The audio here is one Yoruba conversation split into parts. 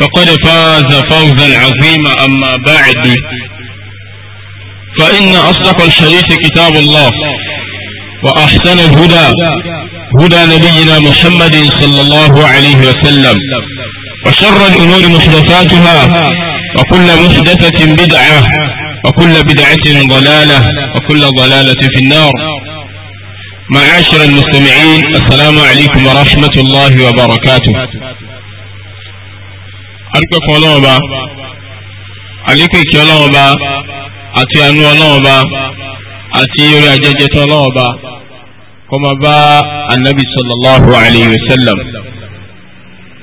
فقد فاز فوزا عظيما أما بعد فإن أصدق الحديث كتاب الله وأحسن الهدى هدى نبينا محمد صلى الله عليه وسلم وشر الأمور محدثاتها وكل محدثة بدعة وكل بدعة ضلالة وكل ضلالة في النار معاشر المستمعين السلام عليكم ورحمة الله وبركاته adúpẹ́ fún ọlọ́run ba àlékún ìkẹ́ ọlọ́run ba àti àánú ọlọ́run ba àti orí ajẹjẹ tó ọlọ́run ba kó máa bá anabi sallallahu alayhi wa sallam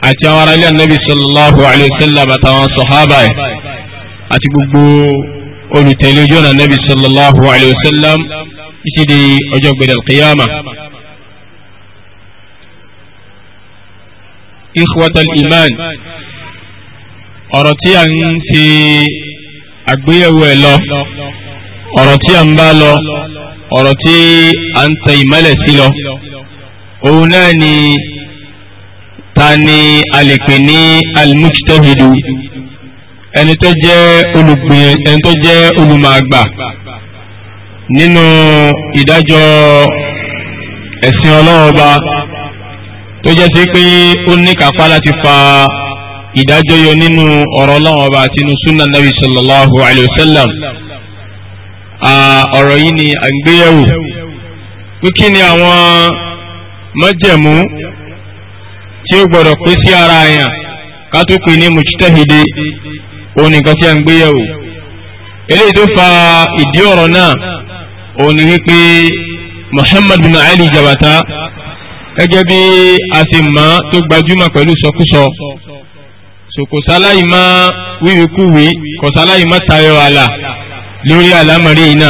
àti àwọn ará ilé anabi sallallahu alayhi wa sallam àtàwọn sọ̀hábà ẹ̀ àti gbogbo olùtẹ̀lé ojú ọ̀nà anabi sallallahu alayhi wa sallam títí di ọjọ́ gbẹdẹ̀ kìyàmà. ikhwatal iman ọ̀rọ̀ tí a ń fi àgbéyẹ̀wò ẹ̀ lọ ọ̀rọ̀ tí a ń bá lọ ọ̀rọ̀ tí a ń tẹ ìmọ́lẹ̀ sí lọ òun náà ni ta ni a lè pè ní al-mujtahidu ẹni tó jẹ́ olùgbìyànjú ẹni tó jẹ́ olùmọ̀àgbà nínú ìdájọ́ ẹ̀sìn ọlọ́wọ́ tó jẹ́ sí pé ó ní kápá láti fa ìdájọ́ yọ nínú ọ̀rọ̀ ọlọ́run ọba àti inú súnà nàbì sallallahu alayhi wa sallam ọ̀rọ̀ yìí ni à ń gbéyẹ̀wò pé kí ni àwọn májẹ̀mú tí ó gbọ́dọ̀ pé sí ara àyàn ká tó pè ní mujtahidi òun tí à ń gbéyẹ̀wò eléyìí tó fa ìdí ọ̀rọ̀ náà òun wípé Muhammad bin Ali Jabata gẹ́gẹ́ bí a ti mọ̀ tó gbajúmọ̀ pẹ̀lú sọkúsọ. So so kò sáláì má wíwíkúwí kò sáláì má tayọ àlà lórí àlámọ̀rí iná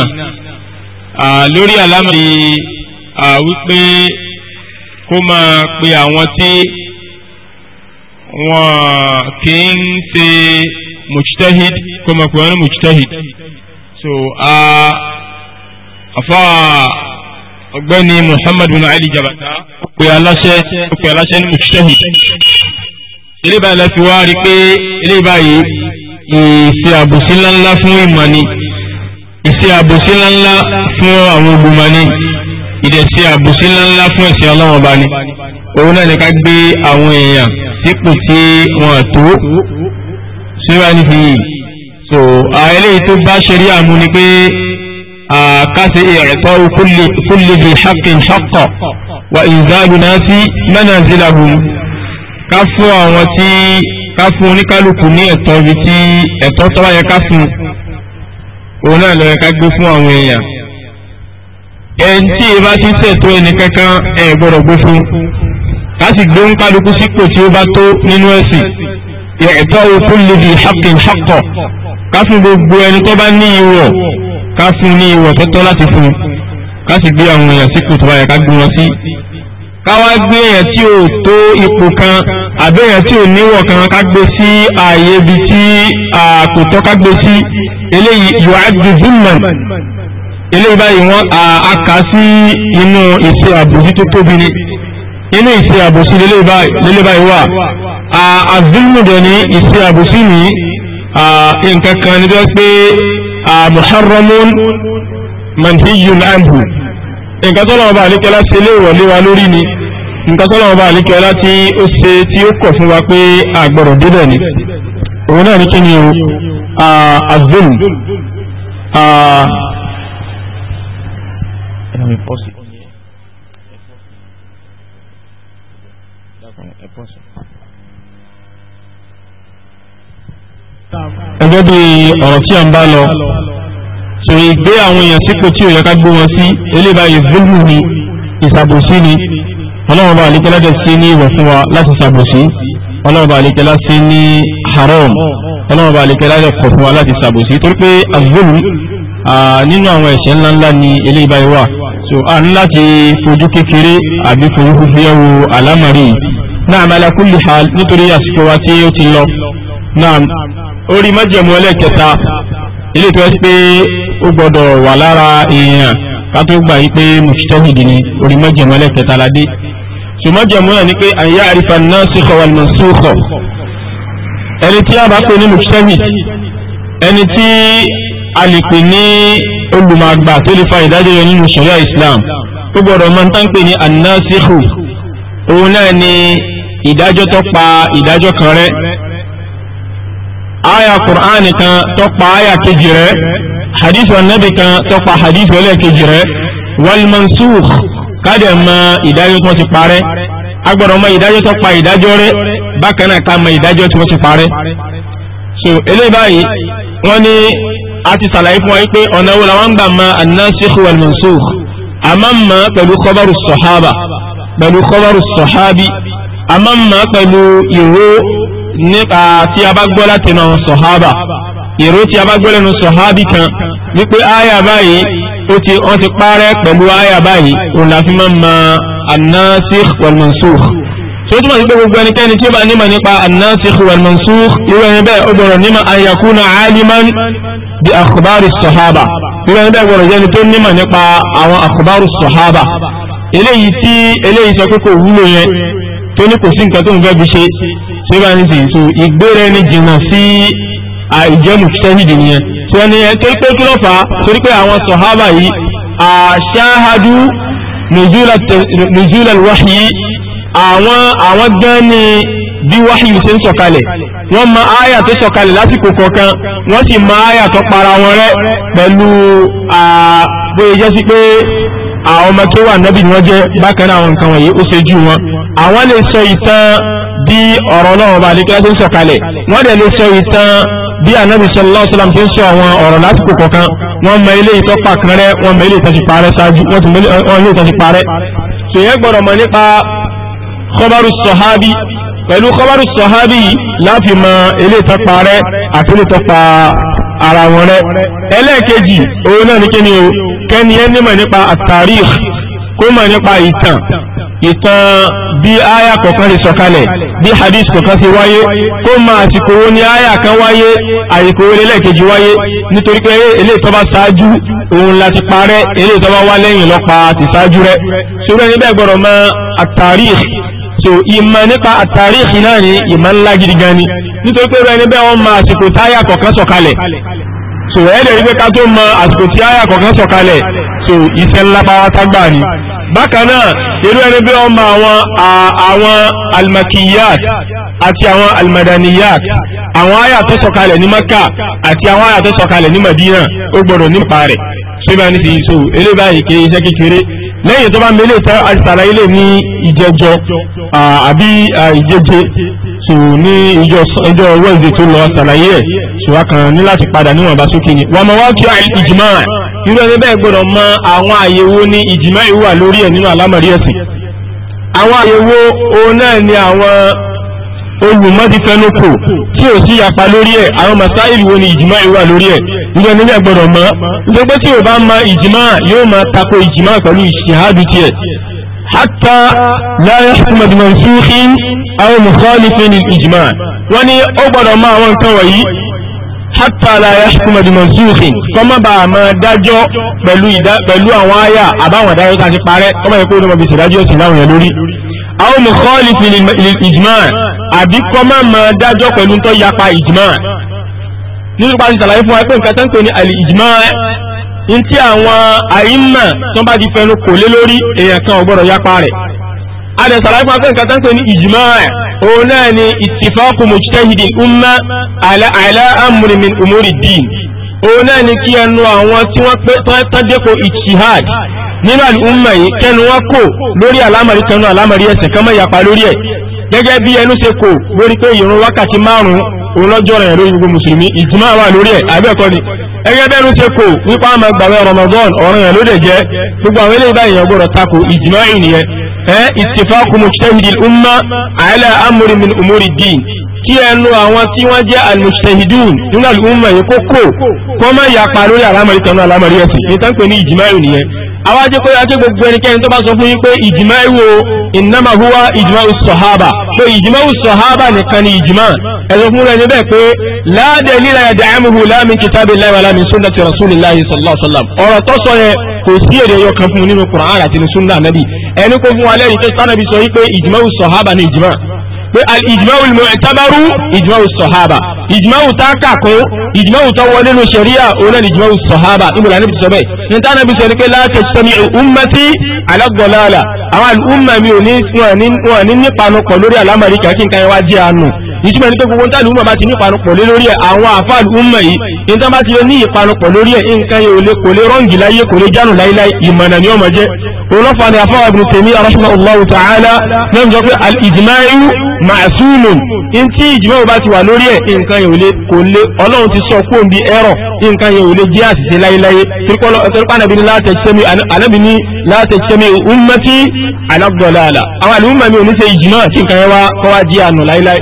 lórí àlámọ̀rí wípé kó máa pe àwọn tí wọ́n kì í ṣe mujtahid kó máa pe wọ́n ní mujtahid so afa ọ̀gbẹ́ni Muhammad bin Ali Jabata pe aláṣẹ pe aláṣẹ ní mujtahid ilé báyìí láti wá rí pé ilé báyìí ìṣe àbòsí ńláńlá fún ìmọ̀ ni ìṣe àbòsí ńláńlá fún àwọn olùmọ̀ ni ìdẹ̀ṣe àbòsí ńláńlá fún ẹ̀sìn ọlọ́wọ́n bá ni òun náà ní ká gbé àwọn èèyàn sípò tí wọ́n tó síwá ní fi yìí so eléyìí tó bá ṣe rí àmú ni pé àkáṣe ìrẹ̀tọ́ kulli bi haqqin haqqa wa inzaalu naasi manazilahum ká fún àwọn tí ká fún oníkálukú ní ẹ̀tọ́ ibi tí ẹ̀tọ́ tó bá yẹ ká fún òun náà ló yẹ ká gbé fún àwọn èèyàn ẹni tí ẹ bá ti ṣètò ẹnì kankan ẹ gbọ́dọ̀ gbé fún ká sì gbé oníkálukú sípò tí ó bá tó nínú ẹ̀sìn ẹ̀tọ́ òkú lèbi haqqin haqqo ká fún gbogbo ẹni tó bá ní ìwọ̀ ká fún ní ìwọ̀ tó láti fún ká sì gbé àwọn èèyàn sípò tó bá ká gbé wọn sí ká wá gbé èèyàn tí ò tó ipò kan àbẹ́yẹn tí ò níwọ̀ kan kágbé sí ààyè ibi tí kò tọ́ kágbé sí eléyìí yu'addu zulman eléyìí báyìí wọ́n àkà sí inú ìṣe àbòsí tó tóbi ni inú ìṣe àbòsí lélẹ́ báyìí wà àzúlmùdẹ̀ ní ìṣe àbòsí ní nǹkan kan ní tó pé muharramun manhiyun anhu nǹkan tó lọ́wọ́ bá àlékẹ́lá ṣe léèwọ̀ léwa lórí ni nǹkan tọ́lọ́ ọba àlékẹ́ ọlá tí ó ṣe tí ó kọ̀ fún wa pé àgbọ̀rọ̀ débẹ̀ ni òun náà ní kí ni o azul bí ọ̀rọ̀ tí a ń bá lọ so ìgbé àwọn èèyàn sípò tí ò yẹ ká gbé wọn sí eléyìí báyìí zulmu ni ìsàbòsí ni ọlọ́run bá àlékẹ́lá dẹ̀ sí ní ìwọ̀ fún wa láti ṣàbòsí ọlọ́run bá àlékẹ́lá sí ní haram ọlọ́run bá àlékẹ́lá dẹ̀ kọ̀ wa láti ṣàbòsí torí pé azul nínú àwọn ẹ̀ṣẹ̀ ńláńlá ni eléyìí báyìí wà so a ní láti fojú kékeré àbí fojú fúfúyẹ́ wo àlámàrí náà àmàlà kúlì ha nítorí àsìkò wa tí ó ti lọ náà orí májẹ̀mú ẹlẹ́kẹta ilé tó ẹ́ pé ó gbọ́dọ̀ wà lára èèyàn ká tó gbà yí pé mùsítọ́hìdì ni orí májẹ̀mú ẹlẹ́kẹta ládé sùmọ́jẹ̀mú náà ni pé àyà àrífà náà sí kọ̀ wàlùmọ̀ sí kọ̀ ẹni tí a bá pè ní mùsùlùmí ẹni tí a lè pè ní olùmọ̀gbà tó lè fa ìdájọ́ yọ nínú sọ̀yà Islam ó gbọ́dọ̀ máa ń tán pè ní anásíhù òun náà ni ìdájọ́ tó pa ìdájọ́ kan rẹ́ aya Qur'an kan tó pa aya kejì rẹ́ hadith anabi kan tó pa hadith wọlé kejì rẹ́ wal kádẹ̀ mọ ìdájọ́ tí wọ́n ti parẹ́ a mọ ìdájọ́ tó pa ìdájọ́ rẹ̀ bákan náà ká mọ ìdájọ́ tí wọ́n ti parẹ́ so eléyìí báyìí wọ́n ní a ti sàlàyé fún wa pé ọ̀nà wo làwọn ń gbà mọ an-nasikh wal-mansukh a máa ń mọ pẹ̀lú khabaru sahaba pẹ̀lú khabaru sahabi a máa ń mọ pẹ̀lú ìró nípa tí a bá gbọ́ láti nà sahaba ìró tí a bá gbọ́ lẹ́nu sahabi kan wípé áyà báyìí wọ́n ti parẹ́ pẹ̀lú àyà báyìí òun la fi máa ma annasikh wal mansukh tí ó túmọ̀ sí pé gbogbo ẹnikẹ́ni tí ó bá nímọ̀ nípa annasikh wal mansukh irú ẹni bẹ́ẹ̀ ó gbọ́dọ̀ nímọ̀ ayakuna aliman bi akhbari sahaba irú ẹni bẹ́ẹ̀ gbọ́dọ̀ jẹ́ni tó nímọ̀ nípa àwọn akhbari sahaba eléyìí tí eléyìí sọ pé wúlò yẹn tó ní kò sí nǹkan tó ń fẹ́ fi ṣe tí ó bá ní sìn ìgbéra ẹni jìnnà sí àìjẹ́mù kìtẹ́hìdì nìyẹn tí wọ́n ní ẹ torí pé kí ló torí pé àwọn sọ̀hábà yìí àṣáhadú nùzúlẹ̀ àwọn àwọn gan ni bí wáhí ṣe ń sọ̀kalẹ̀ wọ́n ma áyà tó sọ̀kalẹ̀ lásìkò kọ̀ọ̀kan wọ́n sì ma áyà tó para wọn rẹ́ pẹ̀lú àbóyé jẹ́ sí pé àwọn ọmọ tó wà nẹ́bì ni wọ́n jẹ́ bákan àwọn nǹkan wọ̀nyí ó ṣe jù wọn àwọn lè sọ ìtàn bí ọ̀rọ̀ ọlọ́run bá lè kí wọ́n tó ń sọ̀kalẹ̀ wọ́n dẹ̀ lè sọ ìtàn bí anabi sallallahu alaihi wasallam ti ń sọ àwọn ọ̀rọ̀ lásìkò kọ̀ọ̀kan wọ́n mọ ilé ìtọ́ pàkan rẹ wọ́n mọ ilé ìtọ́sí parẹ́ ṣáájú wọ́n tún mọ ilé ìtọ́sí parẹ́ tó yẹ gbọ́dọ̀ mọ̀ nípa kọ́bárù sọ̀hábì pẹ̀lú kọ́bárù sọ̀hábì láti mọ ilé ìtọ́ parẹ́ àti ilé ìtọ́ pa ara wọn rẹ ẹlẹ́ẹ̀kejì òun náà ní kíni o kẹ́ni ẹ́ nímọ̀ nípa àtàríkì kó mọ̀ nípa ìtàn ìtàn bí àyà kọ̀ọ̀kan ti sọ̀kalẹ̀ bí hadith kọ̀ọ̀kan ti wáyé kó ma àsìkò wo ni àyà kan wáyé àsìkò wo lẹ́lẹ́kejì wáyé nítorí pé eléyìí tó bá ṣáájú òun la ti parẹ́ eléyìí tó bá wá lẹ́yìn lọ́pa ti ṣáájú rẹ̀ ṣùgbọ́n ẹni bẹ́ẹ̀ gbọ́dọ̀ mọ at so ìmọ̀ nípa at náà ni ìmọ̀ ńlá gidi gan ni nítorí pé ẹni bẹ́ẹ̀ wọ́n ma àsìkò táyà kọ̀ọ̀kan sọ̀kalẹ̀ so ẹ̀ẹ́dẹ̀ rí pé ká tó mọ àsìkò tí àyà kọ̀ọ̀kan sọ̀kalẹ̀ so iṣẹ́ ńlá pátágbà ni bákan náà irú ẹni bí wọ́n mọ àwọn àwọn almakiyat àti àwọn almadaniyat àwọn àyà tó sọ̀kalẹ̀ ní Maka àti àwọn àyà tó sọ̀kalẹ̀ ní Madina ó gbọ́dọ̀ nípa rẹ̀ síbà ní ti so eléyìí báyìí kì í ṣe kékeré lẹ́yìn tó bá mẹ́lẹ̀ tẹ́ àṣàlàyé lè ní ìjẹjọ àbí ìjẹjẹ so ní ìjọ ọjọ́ wẹ́ẹ̀dẹ̀ tó lọ ṣàlàyé ẹ̀ ṣùgbọ́n kan ní láti padà níwọ̀nba sókè ni wọ́n mọ̀ wá kí ìjìmá irú ẹni bẹ́ẹ̀ gbọ́dọ̀ mọ àwọn àyẹ̀wò ní ìjìmá ìwà lórí ẹ̀ nínú àlámọ̀rí ẹ̀sìn àwọn àyẹ̀wò òun náà ni àwọn olùmọ́tìfẹ́nukò tí ò sí yapa lórí ẹ̀ àwọn masáìlì wo ni ìjìmá ìwà lórí ẹ̀ irú ẹni bẹ́ẹ̀ gbọ́dọ̀ mọ̀ nítorí pé tí ò bá mọ ìjìmá yóò máa tako ìjìmá pẹ̀lú ìṣìhádùú tiẹ̀ hatta la yahkum bi mansukhin àwọn mukhalifin lil ijma wọ́n ní ó gbọ́dọ̀ mọ àwọn nǹkan wọ̀nyí hatta la yahkuma bi mansukhin kọ́mọ́ bá a máa dájọ́ pẹ̀lú àwọn àyà àbáwọn adájọ́ tá a ti parẹ́ kọ́mọ́ yẹn kó ló mọ̀ bí ìṣèdájọ́ ìsìn láwọn yẹn lórí. àwọn mukhalifin lil ijma àbí kọ́mọ́ ma dájọ́ pẹ̀lú tó yapa ijma. nínú pàṣẹ ìtàlàyé fún wa pé nǹkan tó ń pè ní àlè ijma ní tí àwọn àyínmà tó bá ti fẹnu kò lé lórí èèyàn kan ò gbọ́dọ̀ yapa rẹ̀. Ada sàlàyé fún akẹ́kọ̀ọ́ tán pé ní ìjìmọ́ ẹ̀ òun náà ni ìtìfáàkù mujtahidi umma ala ala amri min umuri din òun náà ni kí ẹnu àwọn tí wọ́n pé tọ́jẹ́kọ̀ ìtìhad nínú àlùmọ̀ yìí kẹnu wọn kò lórí àlámàrí kẹnu àlámàrí ẹ̀sìn kan mọ́ ìyapa lórí ẹ̀ gẹ́gẹ́ bí ẹnu ṣe kò lórí pé ìrun wákàtí márùn-ún òun lọ́jọ́ lori lórí gbogbo mùsùlùmí ìjìmọ́ wà lórí ẹ̀ àbẹ́ẹ̀kọ́ ni ẹgẹ́ bẹ́ẹ̀rù ṣe kò nípa àmọ́ gbàwẹ̀ Ramadan ọ̀rọ̀ yẹn je dẹ̀ jẹ́ gbogbo àwọn eléyìí báyìí ọgbọ́dọ̀ takò ìjìmọ́ ìnìyẹn ittifaqu mujtahidi al-umma ala amri min umuri din kí ẹnu àwọn tí wọ́n jẹ́ al-mujtahidun nínú al-umma yìí kókó kọ́ máa yà pa lórí àlámọ̀rí tẹ̀nu àlámọ̀rí ẹ̀sìn ní tán pè ní ìjìmáyò nìyẹn àwọn ajẹ́kọ́ yà jẹ́ gbogbo ẹnikẹ́ni tó bá sọ fún yín pé ìjìmá ìwò innama huwa ìjìmá ìsọ̀hábà pé ìjìmá ìsọ̀hábà nìkan ni ìjìmá ẹ̀sọ́ fún ẹni bẹ́ẹ̀ pé la dalila yad'amuhu la min kitabillahi wala min sunnati rasulillahi sallallahu alaihi ọ̀rọ̀ tó sọ yẹn kò sí èdè yọ kan fún nínú Qur'an àti ní sunna ẹni kó fún wa lẹ́yìn tó sánàbí sọ yí pé ìjìmá ìsọ̀hábà ni ìjìmá pé al-ijma'ul mu'tabaru ijma'us sahaba ijma'u tá kàkún ijma'u tó wọlé nínú sharia òun náà ijma'us sahaba níbo la níbi sọ bẹ́ẹ̀ ní tá nàbí sọ ní pé la tajtami'u ummati ala dalala àwọn al-umma ìtumọ̀ ní pé gbogbo ntàlù mọ̀ bá ti ní ìpanupọ̀ lé lórí ẹ̀ àwọn àfáàlù mọ̀ yìí níta bá ti ní ìpanupọ̀ lórí ẹ̀ nǹkan yìí ò lè kò lè rọ́ǹgì láyé kò lè jánu láíláí ìmọ̀nà ni ó mọ̀ jẹ́ olófà ni àfáà Ibn Taymiyyah rahimahullahu ta'ala náà ń sọ pé al-ijma'u ma'sumun ntí ìjìmọ̀ bá ti wà lórí ẹ̀ nǹkan yìí ò lè kò lè ọlọ́run ti sọ kóun bí ẹ̀rọ nǹkan yìí ò lè jẹ́ àṣìṣe láíláí torípa nàbí ni la tajtami ànábì ni la tajtami ummati ala ad-dalala àwọn mi ò ṣe ìjìmọ̀ kí nǹkan yẹn wá kọ́ wá àná láíláí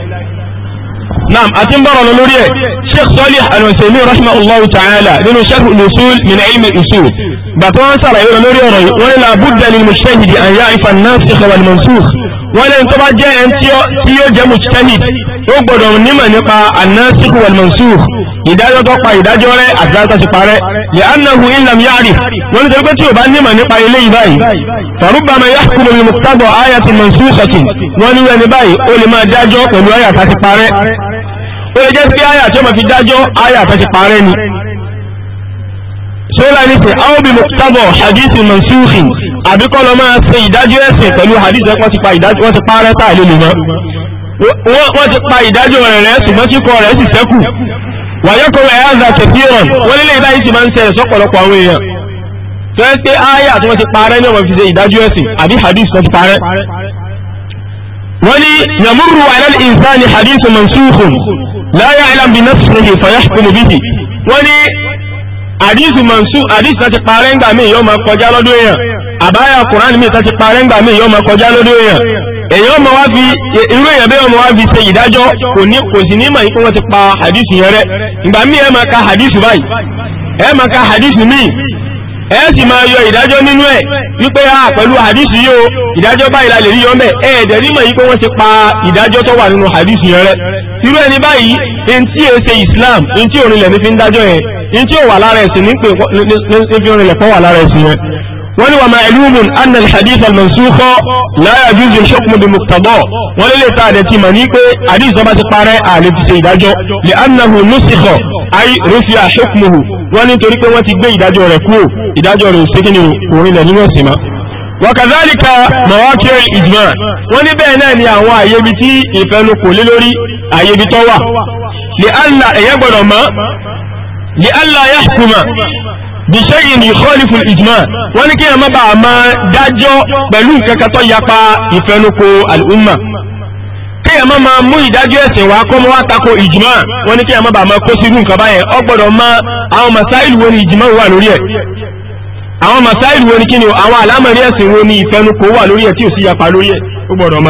naam àti ń bọ̀rọ̀ lọ lórí ẹ̀ sheikh sọ́lì alùsèmí rahimahullahu ta'ala nínú sheikh lusul min ilmi usul bàtà wọn sàlàyé lọ lórí ọ̀rọ̀ yìí wọn ni làbúdà ni mujtahidi an ya'rifa an-nasikh wal-mansukh wọn lẹ́yìn tó bá jẹ́ ẹn tí yóò jẹ́ mujtahid ó gbọ́dọ̀ nímọ̀ nípa an-nasikh wal-mansukh ìdájọ́ tó pa ìdájọ́ rẹ̀ àti láti ti parẹ́ lè annahu illam ya'rif wọ́n ní tẹ́lẹ́pẹ́ tí ò bá nímọ̀ nípa ilé yìí báyìí farubbama yahkumu bil muqtada ayatin mansukhatin wọ́n ní wẹ́ni báyìí ó lè máa dájọ́ pẹ̀lú ayà àti parẹ́ ó lè jẹ́ sí àyà tí ó máa fi dájọ́ àyà fẹ́ ti parẹ́ ni sórí láì nísìn àwọn bí mọ̀tàbọ̀ hadith mansuhi àbí kọ́ lọ máa ṣe ìdájọ́ ẹ̀sìn pẹ̀lú hadith wọ́n ti pa ìdájọ́ wọ́n ti parẹ́ tá ìlú lè mọ́ wọ́n ti pa ìdájọ́ rẹ̀ rẹ̀ ṣùgbọ́n kíkọ rẹ̀ sì sẹ́kù wàyẹ́kọ̀ rẹ̀ ẹ̀yà kẹfìràn wọ́n nílé ìbáyìí ti máa ń ṣẹlẹ̀ sọ́pọ̀lọpọ̀ àwọn èèyàn tó ń pé ááyà tí wọ́n ti parẹ́ ní ọmọ fi ṣe ìdájọ́ ẹ̀sìn àbí hadith tó láyé àìlàmbì náà sọ̀rọ̀ yìí fàyà kùmù bíbí wọ́n ní àdìsù mọ̀nsú àdìsù tàti parẹ́ ńgbà míì yóò máa kọjá lọ́dún èèyàn àbáyà kùránì míì tàti parẹ́ ńgbà míì yóò máa kọjá lọ́dún èèyàn èèyàn ọmọ wá fi irú èèyàn bẹ́ẹ̀ ọmọ wá fi ṣe ìdájọ́ kò ní kò sí ní màá pé wọ́n ti pa àdìsù yẹn rẹ́ ìgbà míì ẹ máa ka àdìsù báyìí ẹ máa ka àdìsù míì ẹ sì máa yọ ìdájọ́ nínú ẹ̀ wípé a pẹ̀lú hadisi yóò ìdájọ́ báyìí la lè rí yọ́mẹ̀ ẹ̀ẹ̀dẹ̀ rímọ̀ yìí pé wọ́n ti pa ìdájọ́ tó wà nínú hadisi yẹn rẹ̀ irú ẹni báyìí ntí e ṣe Islam ntí òrinlẹ̀ ní fi ń dájọ́ yẹn ntí ò wà lára ẹ̀sìn ní fi òrinlẹ̀ pọ̀ wà lára ẹ̀sìn yẹn wọ́n ní wà ma'lumun anna al-hadith al-mansukh la yajuzu al-hukm bi muqtada wọ́n lè ta àdẹ tí mà ní pé àdìsọ́ bá ti parẹ́ àlè ti ṣe ìdájọ́ li'annahu nusikha ay rufi'a hukmuhu wọ́n ní torí pé wọ́n ti gbé ìdájọ́ rẹ̀ kúrò ìdájọ́ rẹ̀ òsèké ni òrin lẹ̀ nínú ọ̀sìn máa wakazalika mawaki ijma wọ́n ní bẹ́ẹ̀ náà ni àwọn àyèbí tí ìfẹnukò lé lórí àyèbí tó wà li alla ẹ̀yẹ́ gbọ́dọ̀ li alla yahkuma bìṣẹ́yìn ìkọ́lìfù ìjìmá wọ́n ní kí ẹ má bàa máa dájọ́ pẹ̀lú nǹkankan tó yapa ìfẹnukò al'umma kí ẹ má máa mú ìdájọ́ ẹ̀sìn wá kọ́ mọ́ wá tako ìjìmá wọ́n ní kí ẹ má bàa máa kó sínú nǹkan báyẹn ọ gbọ́dọ̀ àwọn masáìlì wo ni ìjìmá wà lórí ẹ̀ àwọn masáìlì wo ni kí ni àwọn àlámọ̀rí ẹ̀sìn wo ni ìfẹnukò wà lórí ẹ̀ tí ò sí yapa lórí ẹ̀ ó gbọ́dọ̀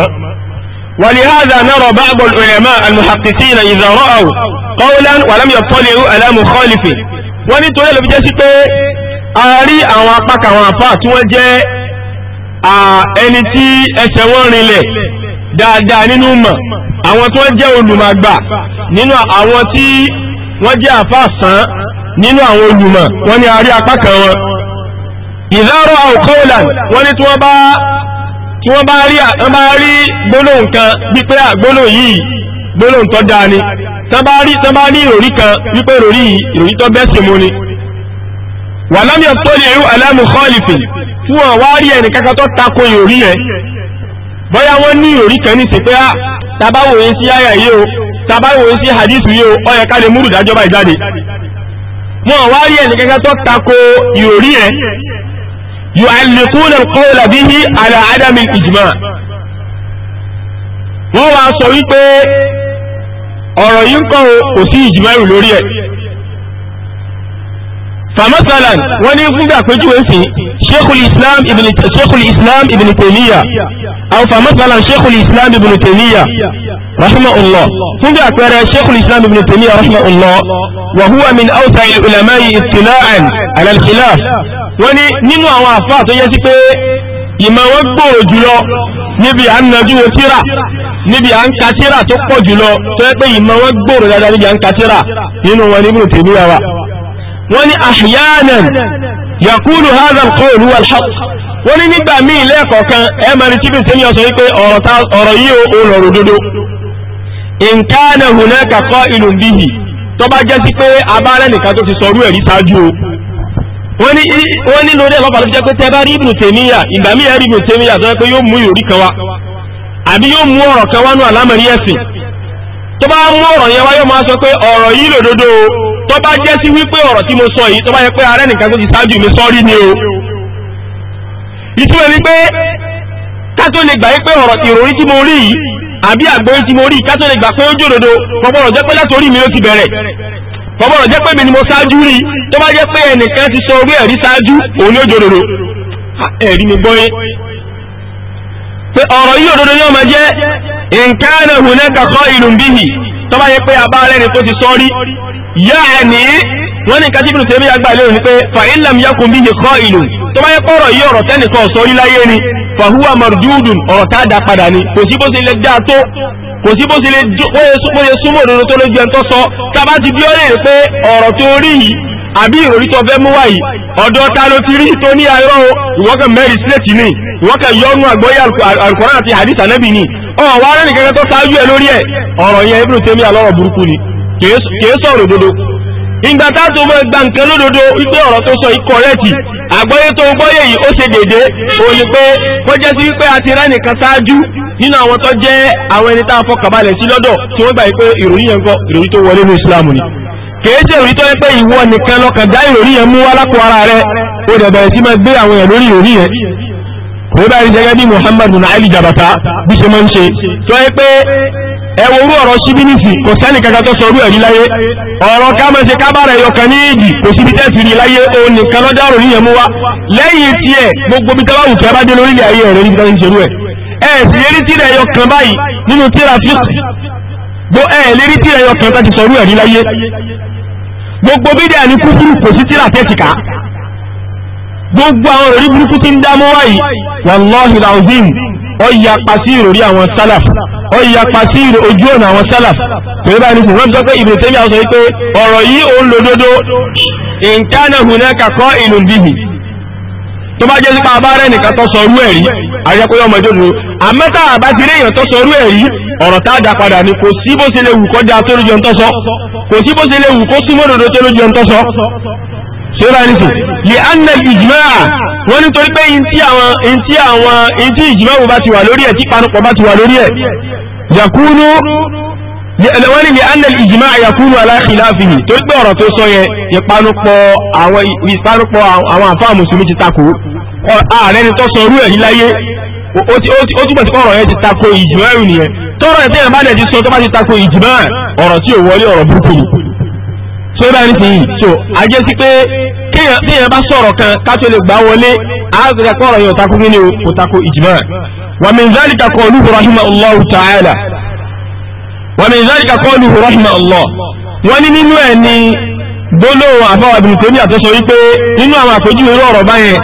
ولهذا نرى بعض العلماء المحققين إذا رأوا قولا ولم يطلعوا على مخالفه wọ́n ní torí ẹlòmí jẹ́ sí pé a rí àwọn apákà àwọn àfáà tí wọ́n jẹ́ ẹni tí ẹsẹ̀ wọn rinlẹ̀ dáadáa nínú mọ̀ àwọn tí wọ́n jẹ́ olùmọ̀gbà nínú àwọn tí wọ́n jẹ́ àfáà sán nínú àwọn olùmọ̀ wọ́n ní a rí apákà wọn ìdárọ̀ àwòkọ́ọ̀là wọ́n ní tí wọ́n bá rí gbólóhùn kan wípé àgbólóhùn yìí gbólóhùn tó dáa ni tán bá rí ìròrí kan wípé ìròrí ìròrí tó bẹ́sìn mu ni wà lámì ọ̀pọ̀lì ẹ̀rú aláàmù kọ́ọ̀lìfì fún wọn wá rí ẹnì kankan tó tako ìròrí yẹn bóyá wọ́n ní ìròrí kan ní sí pé á ah, tàbá wòye sí àyà yìí o tàbá wòye sí hadith yìí o ó ká lè múrù dájọ́ báyìí jáde wọn wá rí ẹnì kankan tó tako ìròrí yẹn yóò àlékún al-qawla bihi ala adami al-ijma' wọ́n wá sọ wípé ọ̀rọ̀ yìí ń kọ́ kò sí ìjìmáìrù lórí ẹ̀ fàmọ́sálàn wọ́n ní fúnbẹ́ àpéjúwe sí sheikhul islam ibn sheikhul islam ibn taymiya àwọn fàmọ́sálàn sheikhul islam ibn taymiya rahimahullah fúnbẹ́ àpẹẹrẹ sheikhul islam ibn taymiya rahimahullah wa huwa min awsa il ulama'i ittila'an ala wọ́n ní nínú àwọn àfáà tó yẹ sí pé ìmọ̀ wọn gbòòrò jùlọ níbi à ń nàjú wo tíra níbi à ń ka tíra tó pọ̀ jùlọ tó yẹ pé ìmọ̀ wọn gbòòrò dáadáa níbi à ń ka tíra nínú wọn níbi òtẹ̀mí wa wọ́n ní àhìyánan yakulu hadha alqawl huwa alhaq wọ́n ní nígbà míì lẹ́ẹ̀kọ̀ọ̀kan ẹ máa rí tíbi sẹ́ni ọ̀sán wípé ọ̀rọ̀ yìí ó lọ̀rọ̀ dodo in kana hunaka qailun bihi tó bá jẹ́ sí pé abárẹ́ tó ti sọrú ẹ̀rí ṣáájú o wọ́n ní lórí ẹ̀lọ́pàá ló fi jẹ́ pé tẹ́ bá rí Ibn Taymiyyah ìgbà míì rí Ibn Taymiyyah tó yẹ pé yóò mú ìròrí kan wá àbí yóò mú ọ̀rọ̀ kan wá nú àlámọ̀rí ẹ̀sìn tó bá mú ọ̀rọ̀ yẹn wá yóò máa sọ pé ọ̀rọ̀ yìí lòdodo tó bá jẹ́ sí wípé ọ̀rọ̀ tí mo sọ yìí tó bá yẹ pé ààrẹ nìkan tó ti ṣáájú mi sọ́rí ni o ìtumọ̀ ni pé ká tó lè gbà yí pé ọ̀rọ̀ ìròrí tí mo rí yìí àbí àgbóyí tí mo rí ká lè gbà pé ó jòdodo tọ́bọ̀rọ̀ jẹ́ pé mi ni mo ṣáájú rí tó bá jẹ́ pé ẹnìkan ti sọ orí ẹ̀rí ṣáájú òun ni ó jòdòdò ẹ̀rí mi gbọ́yé pé ọ̀rọ̀ yìí òdodo ni ó máa jẹ́ nǹkan ẹ̀hùn náà kàkọ́ ìlú bíhì tó bá jẹ́ pé àbá rẹ̀ tó ti sọ rí yá ẹ̀ní wọ́n ní kájí bínú tèmi àgbà lérò pé fàílàm yakun bíhì kọ́ ìlú tó bá jẹ́ pé ọ̀rọ̀ yìí ọ̀rọ̀ tẹ́nìkan sọ rí láyé ni fàhúwà mardudun ọ̀rọ̀ tá a dá padà ni kò sí bó ṣe lè dá tó kò sí bó ṣe lè bóye súnmọ́ òdodo tó lójú ẹni tó sọ tábà ti bí ó lè pé ọ̀rọ̀ tó rí yìí àbí ìròrí tó fẹ́ mú wá yìí ọ̀dọ̀ ta ló ti rí tó ní ayọ́ ìwọ́kẹ̀ mẹ́rin sílẹ̀tì ni ìwọ́kẹ̀ yọnu àgbọ́yé Al-Qur'an àti hadith anabi ni ọ̀wọ́ arẹ́nìkẹ́kẹ́ tó ṣáájú ẹ lórí ẹ̀ ọ̀rọ̀ yẹn Ibn Taymiyyah lọ́rọ̀ burúkú ni kìí sọ̀rọ̀ òdodo ìgbà táàtò mọ́ gba nǹkan lódodo wípé ọ̀rọ̀ tó sọ ikọ̀ rẹ̀tì àgbọ́yé tó gbọ́yé yìí ó ṣe dédé ó ní pé kọjá sí wípé a ti rẹ́ nìkan ṣáájú nínú àwọn tó jẹ́ àwọn ẹni tá a fọkàbalẹ̀ sí lọ́dọ̀ tí wọ́n gbà pé ìròyìn yẹn kọ́ ìròyìn tó wọlé ní Islam ni kìí ṣe ìròyìn tó yẹ pé ìwọ nìkan lọ́kàn dá ìròyìn yẹn mú wá lápò ara rẹ Jabata bí ṣe ẹwọ orú ọ̀rọ̀ síbí nìsì kò sẹ́nì kankan tó sọ orú ẹ̀rí láyé ọ̀rọ̀ kámọ́ ṣe kábàrà ẹ̀yọ kan ní ìdì kò síbi tẹ́sì rí láyé òun nìkan lọ́jà rò níyẹn mú wa lẹ́yìn tí ẹ̀ gbogbo bí tẹ́wà wùkẹ́ bá dé lórílẹ̀ ayé ẹ̀rọ níbi tó ń ṣerú ẹ̀ ẹ̀ sì lérí tí ẹ̀yọ kan báyìí nínú tíra fi gbo ẹ̀ lérí tí ẹ̀yọ kan tó sọ orú ẹ̀rí láyé gbogbo bí dẹ̀ ní kúkúrú kò sí tíra tẹ́sì ó yapa sí ìròrí àwọn sálàf ó yapa sí ojú ọ̀nà àwọn sálàf pẹ̀lú báyìí nìsín wọ́n sọ pé Ibn Taymiyyah àwọn sọ wípé ọ̀rọ̀ yìí ó ń lo dodo in kana hunaka qa'ilun bihi tó bá jẹ́ sípa abárẹ́ nìkan tó sọ orú ẹ̀rí àjẹpẹ́ ọmọ ìjọ́dúró àmẹ́ta àbá ti réèyàn tó sọ orú ẹ̀rí ọ̀rọ̀ tá a dá padà ni kò sí bó ṣe lè wù kọjá tó lójú ẹ̀ ń tọ́sọ kò sí bó ṣe lè wù kó súnmọ́ òdòdó tó lójú ẹ̀ ń tọ́sọ ṣe bá nìsìn lè anna ìjìmáà wọ́n ní torí pé in tí àwọn in tí àwọn in tí ìjìmáà bá ti wà lórí ẹ̀ tí panupọ̀ bá ti wà lórí ẹ̀ yakunu wọ́n ní lè anna ìjìmáà yakunu torí pé ọ̀rọ̀ tó sọ yẹn ìpanupọ̀ àwọn àfáà mùsùlùmí ti takò ààrẹ ni tó sọ ẹ̀ láyé ó túbọ̀ sí ọ̀rọ̀ yẹn ti takò ìjìmáà nìyẹn tọ́rọ̀ ẹ̀ tẹ́yàn bá so bá ní sìn yìí so ajé sí pé kéèyàn bá sọ̀rọ̀ kan ká tó lè gbá wọlé àgbẹ̀rẹ̀ kọ́rọ̀ yẹn òtakú kí ni ó takú ìjìmá wa min zalika ta'ala wa min zalika qawluhu rahimahullahu wọ́n ní nínú ẹ̀ ni gbólóhùn àfáwà ibn Taymiyyah tó sọ wípé nínú àwọn àpèjúwe irú ọ̀rọ̀ báyẹn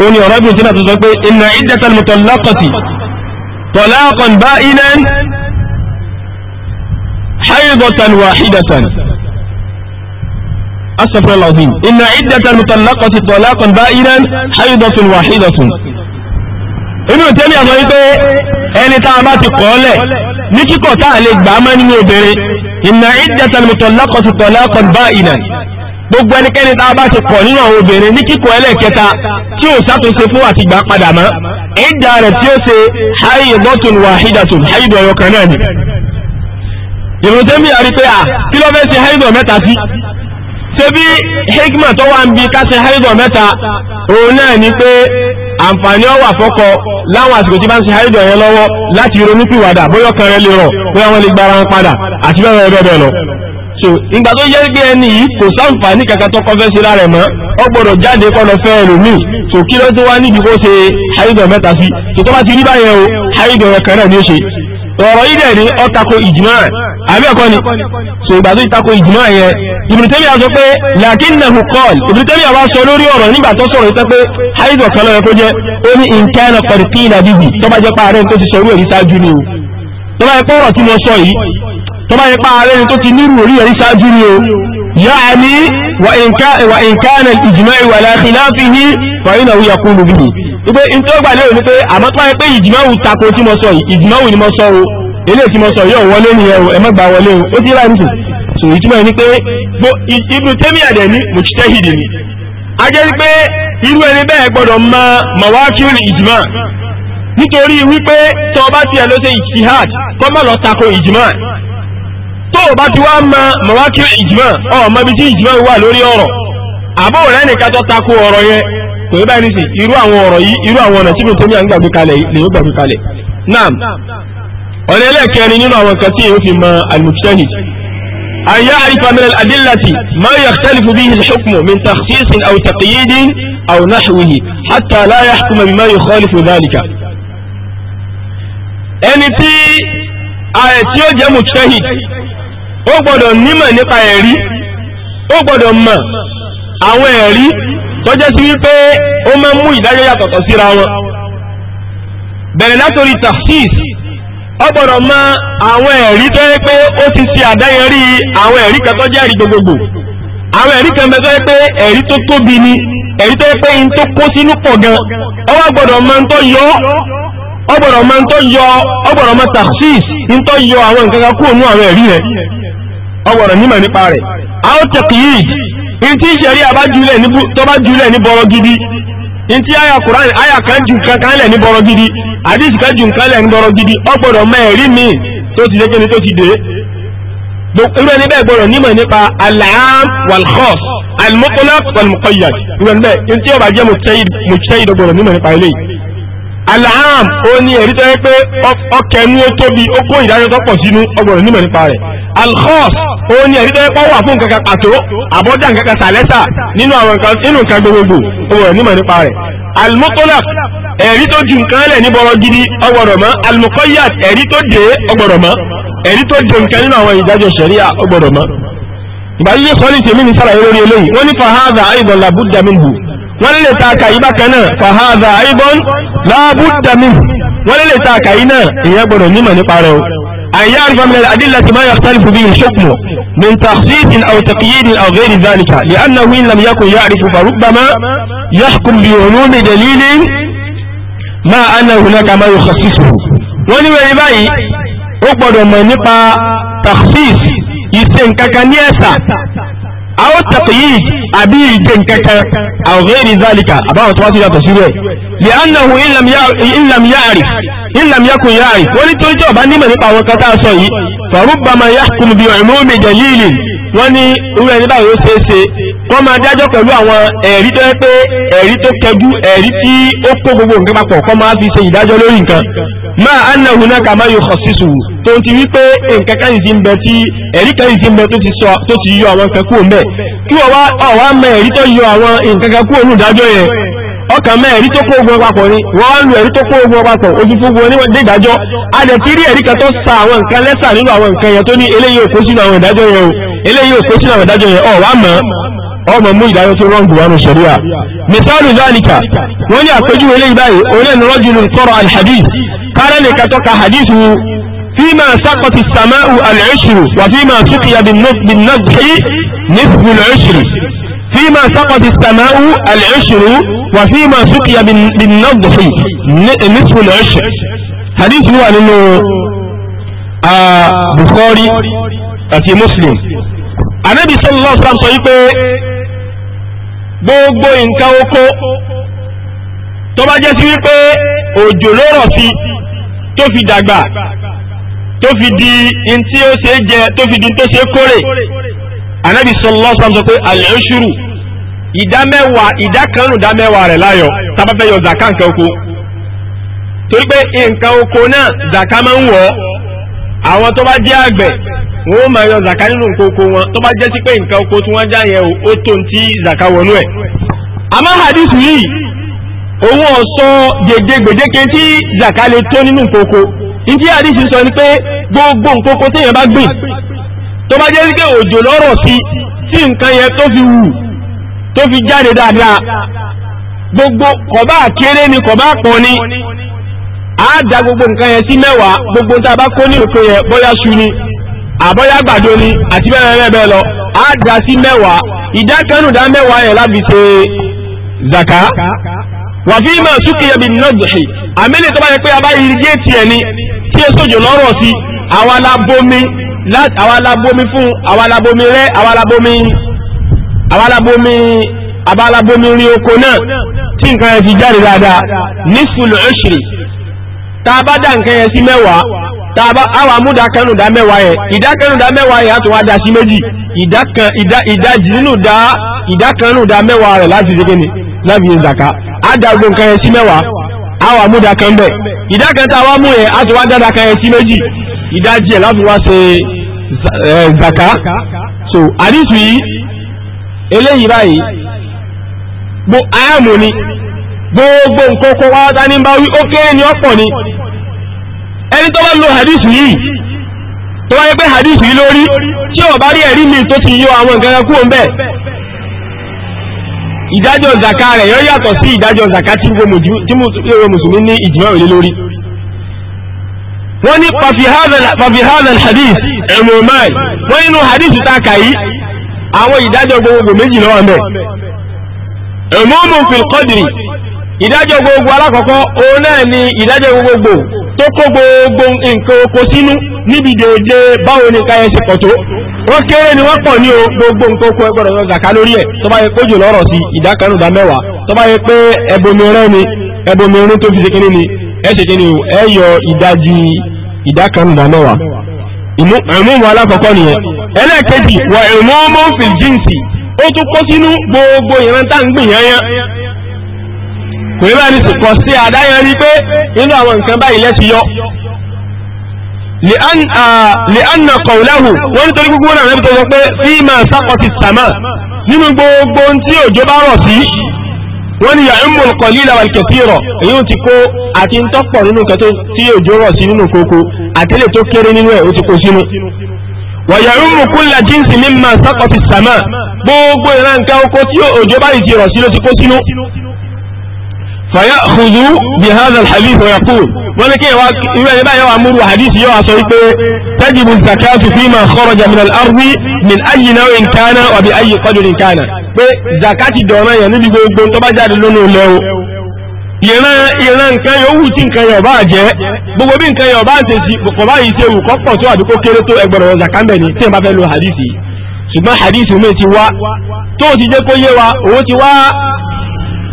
ó ọ̀rọ̀ ibn Taymiyyah tó sọ pé inna iddatal mutallaqati أستغفر الله العظيم إن عدة المطلقة طلاقا بائنا حيضة واحدة inú tẹ́lẹ̀ àmọ́ wípé ẹni tá a bá ti kọ́ lẹ̀ ní kíkọ̀ tá a lè gbà á mọ́ nínú obìnrin ìnà ìdẹ́ta lùtọ̀ lọ́kọ̀tù tọ̀lọ́kọ̀ bá ìnà gbogbo ẹnikẹ́ni tá a bá ti kọ̀ nínú àwọn obìnrin ní kíkọ̀ ẹlẹ́kẹta tí ò sátúnṣe fún àti gbà padà mọ́ ìdá rẹ̀ tí ó ṣe haidọ́tun wahidatun haidọ̀ ṣebí hikma tó wà ń bi ká ṣe haidọ̀ mẹ́ta òun náà ni pé àǹfààní ọwà fọ́kọ láwọn àsìkò tí bá ń ṣe haidọ̀ yẹn lọ́wọ́ láti ronúpìwàdà bóyọ́ kan rẹ̀ lè rọ̀ bóyá wọ́n lè gbára ń padà àti bẹ́ẹ̀ bẹ́ẹ̀ bẹ́ẹ̀ lọ so ìgbà tó yẹ pé ẹni yìí kò sáǹfààní kankan tó kọfẹ́ sí rárẹ̀ mọ́ ọ gbọ́dọ̀ jáde kọ́ lọ fẹ́ ẹlòmíì so kí ló tó wá níbi kó ṣe haidọ̀ mẹ́ta sí so tó bá ti rí báyẹn o haidọ̀ yẹn kan náà ni ó ṣe ọ̀rọ̀ yìí dẹ̀ ní ọ́tako ìjìmá àbí ẹ̀kọ́ ni so ìgbà tó ìtako ìjìmá yẹn Ibn Taymiyyah sọ pé lakinnahu qal Ibn Taymiyyah wá sọ lórí ọ̀rọ̀ nígbà tó sọ̀rọ̀ ìtẹ́ pé haid ọ̀kan lọ́yẹ kó jẹ́ ó ní in kana qad qila bihi tó bá jẹ́ pa ààrẹ tó ti sọ orí ẹ̀rí ṣáájú ni o tó bá yẹ pé ọ̀rọ̀ tí mo sọ yìí tó bá yẹ pa ààrẹ wípé n tó gbà lérò ni pé àmọ́ tó wáyé pé tako tí mo sọ yìí ni mo sọ o tí mo sọ yóò wọlé ni ẹ̀rọ ẹ̀ mọ́gbà wọlé o ó ti rà nìsín so ìtumọ̀ ni pé ibnu tẹ́míyà dẹ̀ ní mùtítẹ́hìdì ni a jẹ́ pé irú ẹni bẹ́ẹ̀ gbọ́dọ̀ mọ mọ̀wákìrì ìjìmá nítorí wípé tó o bá tiẹ̀ ló ṣe ìtìhàd kọ́ mọ̀ lọ tako ìjìmá tó o bá ti wá mọ mọ̀wákìrì ìjìmá ọ̀ ibi tí wà lórí ọ̀rọ̀ rẹ̀ nìkan tó tako ọ̀rọ̀ yẹn kò yẹ báyìí nísì irú àwọn ọ̀rọ̀ yìí irú àwọn ọ̀nà tí kò tó ní à ń gbàgbé kalẹ̀ lè ó gbàgbé kalẹ̀ naam ọ̀nà ẹlẹ́ẹ̀kẹrin nínú àwọn kan tí èyí fi mọ al-mujtahid an ya'rifa min al-adillati ma yakhtalifu bihi al-hukmu min takhsisin aw taqyidin aw nahwihi hatta la yahkuma bima yukhalifu dhalika ẹni tí ààrẹ tí ó jẹ́ mujtahid ó gbọ́dọ̀ nímọ̀ nípa ẹ̀rí ó gbọ́dọ̀ mọ̀ àwọn ẹ̀rí tó jẹ́ sí wípé ó máa ń mú ìdájọ́ yàtọ̀tọ̀ síra wọn bẹ̀rẹ̀ látòrí tafsis ó gbọ́dọ̀ àwọn ẹ̀rí tó yẹ pé ó ti ṣe àdáyẹrí àwọn ẹ̀rí kan tó jẹ́ ẹ̀rí gbogbogbò àwọn ẹ̀rí kan bẹ pé ẹ̀rí tó tóbi ni ẹ̀rí tó pé yọ ma yọ ma tafsis yọ àwọn nǹkan kan kúrò nú àwọn ẹ̀rí nímọ̀ nípa rẹ̀ àwọn ntí ìṣẹ̀rí àbá julẹ̀ ní tó bá julẹ̀ ní bọ̀rọ̀ gidi ntí àyà Kùránì àyà kan ju kankan lẹ̀ ní bọ̀rọ̀ gidi àdìsí kan ju nǹkan lẹ̀ ní bọ̀rọ̀ gidi ó gbọ́dọ̀ mọ ẹ̀rí mi tó ti dékè ni tó ti dé irú ẹni bẹ́ẹ̀ gbọ́dọ̀ nímọ̀ nípa al-aam wal-khaas irú ẹni bẹ́ẹ̀ ntí ó bá jẹ́ mujtahid gbọ́dọ̀ nímọ̀ nípa eléyìí alaam ó ní ẹ̀rí tó yẹ pé ọkẹnu ó tóbi ó kó ìdájọ́ tó pọ̀ sínú ọgbọ̀rọ̀ nímọ̀ nípa rẹ̀ alkhos ó ní ẹ̀rí tó yẹ pé ó wà fún nǹkan kan pàtó àbọ́dá nǹkan kan sàlẹ́sà nínú àwọn nǹkan nínú nǹkan gbogbogbò ọgbọ̀rọ̀ nímọ̀ nípa rẹ̀ almutlaq ẹ̀rí tó ju nǹkan lẹ̀ ní bọ̀rọ̀ gidi ọgbọ̀rọ̀ mọ́ almuqayyad ẹ̀rí tó dé ọgbọ̀rọ̀ mọ́ ẹ̀rí tó dé nǹkan nínú àwọn ìdájọ́ ṣẹ̀ríà ọgbọ̀rọ̀ mọ́ ìbáyé sọ́ni tèmi ní sára lórí eléyìí wọ́n ní fahadà aidan labudda minhu wọ́n lè ta àkàyí bákan náà fàhádà àìbọ́n láàbùdàmí wọ́n lè ta àkàyí náà èyàn gbọ́dọ̀ nímọ̀ nípa rẹ̀ o àyà àrífàmìlẹ̀ àdílẹ̀ tí máa yàtàlì fún bí i ṣokùnmọ̀ min tafsirin aw taqyidin aw ghairi dhalika li annahu in lam yakun ya'rifu fa rubbama yahkum bi ulumi dalilin ma anna hunaka wọ́n ní wẹ̀rí báyìí ó gbọ́dọ̀ mọ̀ nípa tafsis ìṣe nǹkan kan ní ẹ̀sà àwọn taqyid àbí ìjẹ nkankan aw ghairi zalika àbáwọn tó wá sí yàtọ̀ sílẹ̀ lè annahu illam ya'rif illam yakun ya'rif wọ́n ní torí tí ọba nímọ̀ nípa àwọn kan tá a sọ yìí fa rubbama yahkum bi umumi dalilin wọ́n ní irú ẹni báyìí ó ṣe kọ́ máa dájọ́ pẹ̀lú àwọn ẹ̀rí tó yẹ pé ẹ̀rí tó kẹjú ẹ̀rí tí ó kó gbogbo nǹkan papọ̀ kọ́ máa fi ṣe ìdájọ́ lórí nǹkan máa anna hunaka ma yukhassisu tó ti wí pé nǹkan kan yìí ti ń bẹ tí ẹ̀rí kan yìí ti ń bẹ tó ti yọ àwọn nǹkan kúrò mbẹ̀ kí ọwá ọwá mọ ẹ̀rí tó yọ àwọn nǹkan kan kúrò nídájọ́ yẹn ọkàn mọ ẹ̀rí tó kó ogun papọ̀ ni wọ́n á lu ẹ̀rí tó kó ogun papọ̀ ojú fúnfún oníwọ̀n ìdájọ́ a lè ti rí ẹ̀rí kan tó sa àwọn nǹkan lẹ́sà nínú àwọn nǹkan yẹn tó ní eléyìí òkó sínú àwọn ìdájọ́ yẹn o eléyìí òkó sínú àwọn ìdájọ́ yẹn ọ̀ wá mọ̀ ọmọ mú ìdájọ́ tó rọ́ǹgù wánu ṣẹ̀ríà mẹ́sàlù zálìkà wọ́n ní àpéjúwe lè báyìí onílẹ̀ rọ́jùlù kọ́rọ̀ alhadith kárẹ́ lè kàtọ́ ka hadith wu fíìmà sàkọ̀tì sàmáù alẹ́ṣirù wà fíìmà sùkìyà bìnnàbì nífù lẹ́ṣirù fíìmà sàkọ̀tì sàmáù alẹ́ṣirù wà fíìmà sùkìyà bìnnàbì nífù lẹ́ṣirù hadith gbogbo nǹkan oko tó bá jẹ́ sí wípé òjò ló rọ̀ sí tó fi dàgbà tó fi di in tí ó ṣe jẹ tó fi di tó ṣe kórè anabi sallallahu alaihi wasallam sọ pé al-ushru ìdá mẹ́wàá ìdá kan ìdá mẹ́wàá rẹ̀ láyọ̀ tá yọ zaka nǹkan oko torí pé nǹkan oko náà zaka máa ń wọ̀ ọ́ àwọn tó bá jẹ́ àgbẹ̀ wọn ó máa yọ zaka nínú nǹkan oko wọn tó bá jẹ́ sí pé nǹkan oko tí wọ́n já yẹn ó tó ń tí zaka wọnú ẹ̀. àmọ́ hadith yìí òun ọ̀sọ́ gèdè gbèdéke tí zaka lè tó nínú nǹkan oko ìdí hadith sọ ni pé gbogbo nǹkan oko téèyàn bá gbìn tó bá jẹ́ sí pé òjò lọ́rọ̀ sí tí nǹkan yẹn tó fi wù tó fi jáde dáadáa gbogbo kọ̀bá kéré ni kọ̀bá pọ̀ ni á da gbogbo nǹkan yẹn sí mẹ́wàá gbogbo tá a bá kó ní òkè yẹn bóyá ṣu ni àbóyá àgbàdo ni àti bẹ́ẹ̀ bẹ́ẹ̀ lọ á da sí mẹ́wàá ìdá kanú dá mẹ́wàá yẹn láfi ṣe zaka wàfi ma súkìyà bí nọ́jì àmìlẹ̀ tó bá yẹ pé a bá irigéètì ẹ̀ ni tí èso jò lọ́rọ̀ sí àwa la bomi àwa la bomi fún àwa la bomi rẹ àwa la bomi àwa la bomi àwa la bomi rin oko náà tí nǹkan yẹn ti jáde dáadáa nísùlù tá a bá dá nǹkan yẹn sí mẹ́wàá tá a bá àwọn amúdakẹ́nu dá mẹ́wàá yẹn ìdákẹ́nu dá mẹ́wàá yẹn àtúwá dá sí méjì ìdájì nínú dá ìdákẹ́nu dá mẹ́wàá rẹ̀ láti ṣe kéne láti yẹn zaka á dá gbogbo nǹkan yẹn sí mẹ́wàá àwọn amúdakẹ́nu bẹ̀ ìdákẹ́nu tá a wá mú yẹn àtúwá dá dákẹ́ yẹn sí méjì ìdájì ẹ̀ láti wá ṣe zaka so àdìsù yìí eléyìí báyìí gbó àyàmù ni gbogbo nǹkan kó wá dání bá wí ó kéré ní ọ̀pọ̀ ni ẹni tó bá lo hadith yìí tó wáyé pé hadith yìí lórí tí ó bá rí ẹ̀rí mi tó ti yọ àwọn nǹkan kan kúrò ń bẹ̀ ìdájọ́ zaka rẹ̀ yọ yàtọ̀ sí ìdájọ́ zaka tí gbogbo mùsùlùmí ní ìjìmọ̀ òlé lórí wọ́n ní pàfi hadal hadith ẹ̀mọ̀máì wọ́n nínú hadith ta kàyí àwọn ìdájọ́ gbogbo méjì lọ́wọ́ mẹ́ ẹ̀mọ́mù fil qadri ìdájọ́ gbogbo alákọ̀ọ́kọ́ òun náà ni ìdájọ́ gbogbo tó kó gbogbo nǹkan oko sínú níbi dèédé báwo ni káyẹ ṣe pọ̀ tó wọ́n kéré ni wọ́n pọ̀ ní o gbogbo nǹkan oko ẹgbọ́dọ̀ yọ zàká lórí ẹ̀ tó bá yẹ kó jù lọ́rọ̀ sí ìdákanúdá mẹ́wàá tó bá yẹ pé ẹbomirin ni ẹbomirin tó fi ṣe ni ẹ ṣe kíní o ẹ yọ ìdajì ìdákanúdá mẹ́wàá ìmúmu alákọ̀ọ́kọ́ nìyẹn ẹlẹ́ẹ̀kejì wọ ìmúmu kò ní báyìí sì kọ̀ sí àdáyọ̀ rí pé inú àwọn nǹkan báyìí lẹ́sí yọ lè án nà kọ̀ọ̀láhù wọ́n nítorí gbogbo náà lẹ́bí tó sọ pé tí ma sápọ̀ ti sàmà nínú gbogbo tí òjò bá rọ̀ sí wọ́n ni yàrá mọ̀ kọ̀ líla wà kẹ̀kẹ́ rọ̀ èyí ti kó àti ń tọ́pọ̀ nínú nǹkan tí òjò rọ̀ sí nínú kókó àtẹ́lẹ̀ tó kéré nínú ẹ̀ ó ti kó sínú wàyàrùmù kúnlá jíǹsì mímọ̀ sápọ̀ ti sàmà gbogbo ìran nǹkan oko tí òjò bá ì fàyàkùzú bí hádà hadith wa yaqul wọ́n ní kí ìwà ìwé báyìí wà múrù hadith yóò wá sọ wípé tajibu zakatu fima kharaja min al-ardi min ayi naw'in kana wa bi ayi qadrin kana pé zakati dọ̀nà yẹn níbi gbogbo tó bá jáde lónà lẹ́wọ̀ ìran ìran nǹkan yòówù tí nǹkan yẹn ọba jẹ gbogbo bí nǹkan yẹn ọba ṣe sí kò bá yìí ṣe wù kọ́ pọ̀ tó àbí kó kéré tó ẹgbẹ̀rún ọ̀zà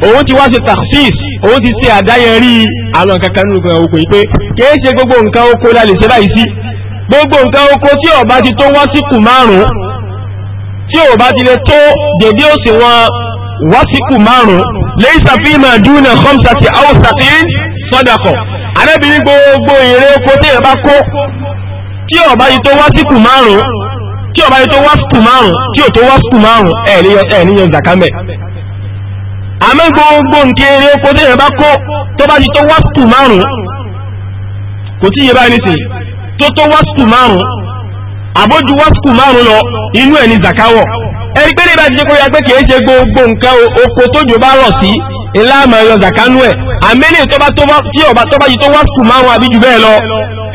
òun ti wá ṣe taxis òun ti ṣe àdáyẹrí àwọn nǹkan kan nínú oko yìí pé kìí ṣe gbogbo nǹkan oko la lè ṣe báyìí sí gbogbo nǹkan oko tí ó bá ti tó wásíkù márùn tí ó bá ti lè tó dèbí òṣùwọ̀n wásíkù márùn lẹ́yìn sàfihàn dúnà khamsati aw sàfihàn sọ́dàkọ̀ arábìnrin gbogbo èrè oko tí ó bá kó tí ó bá ti tó wásíkù márùn tí ó ti tó wásíkù márùn tí ó tó wásíkù márùn ẹ̀ níyàn zakamẹ́ àmọ́ gbogbo nǹkan eré oko tó yẹn bá kó tó bá ti tó wáṣítù márùn kò tí yẹ báyìí nìsín tó tó wáṣítù márùn àbójú wáṣítù márùn lọ inú ẹ̀ ní zakawọ̀ ẹni pé nígbà tí kò yá pé kìí ṣe gbogbo nǹkan oko tójò bá rọ̀ sí ìlànà ẹ̀yọ zakanu ẹ̀ àmẹ́lẹ̀ tó bá tó bá ti tó wáṣítù márùn àbí jù bẹ́ẹ̀ lọ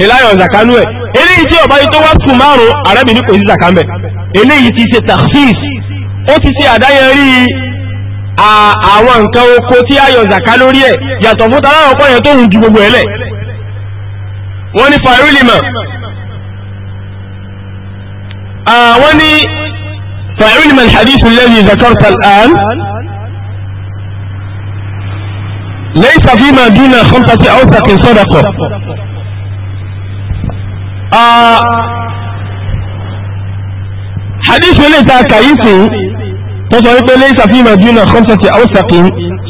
ìlànà zakanu ẹ̀ eléyìí tí ọba yìí tó wáṣítù márùn arábìnrin kò sí zakamẹ́ eléyìí ti ṣe takhsis ó ti ṣe àdáyẹrí àwọn nǹkan oko tí a yọ zaka lórí ẹ̀ yàtọ̀ fún taláwọ̀ pọ̀ yẹn tó hùn ju gbogbo ẹ̀lẹ̀ wọ́n ní fàílìmọ̀ wọ́n ní fàílìmọ̀ alhadith alladhi zakarta al'an laysa fima duna khamsati awsaqin sadaqa hadith eléta kàyífì tó sọ wípé lè ìsàfihàn júnà khamsati awsaqin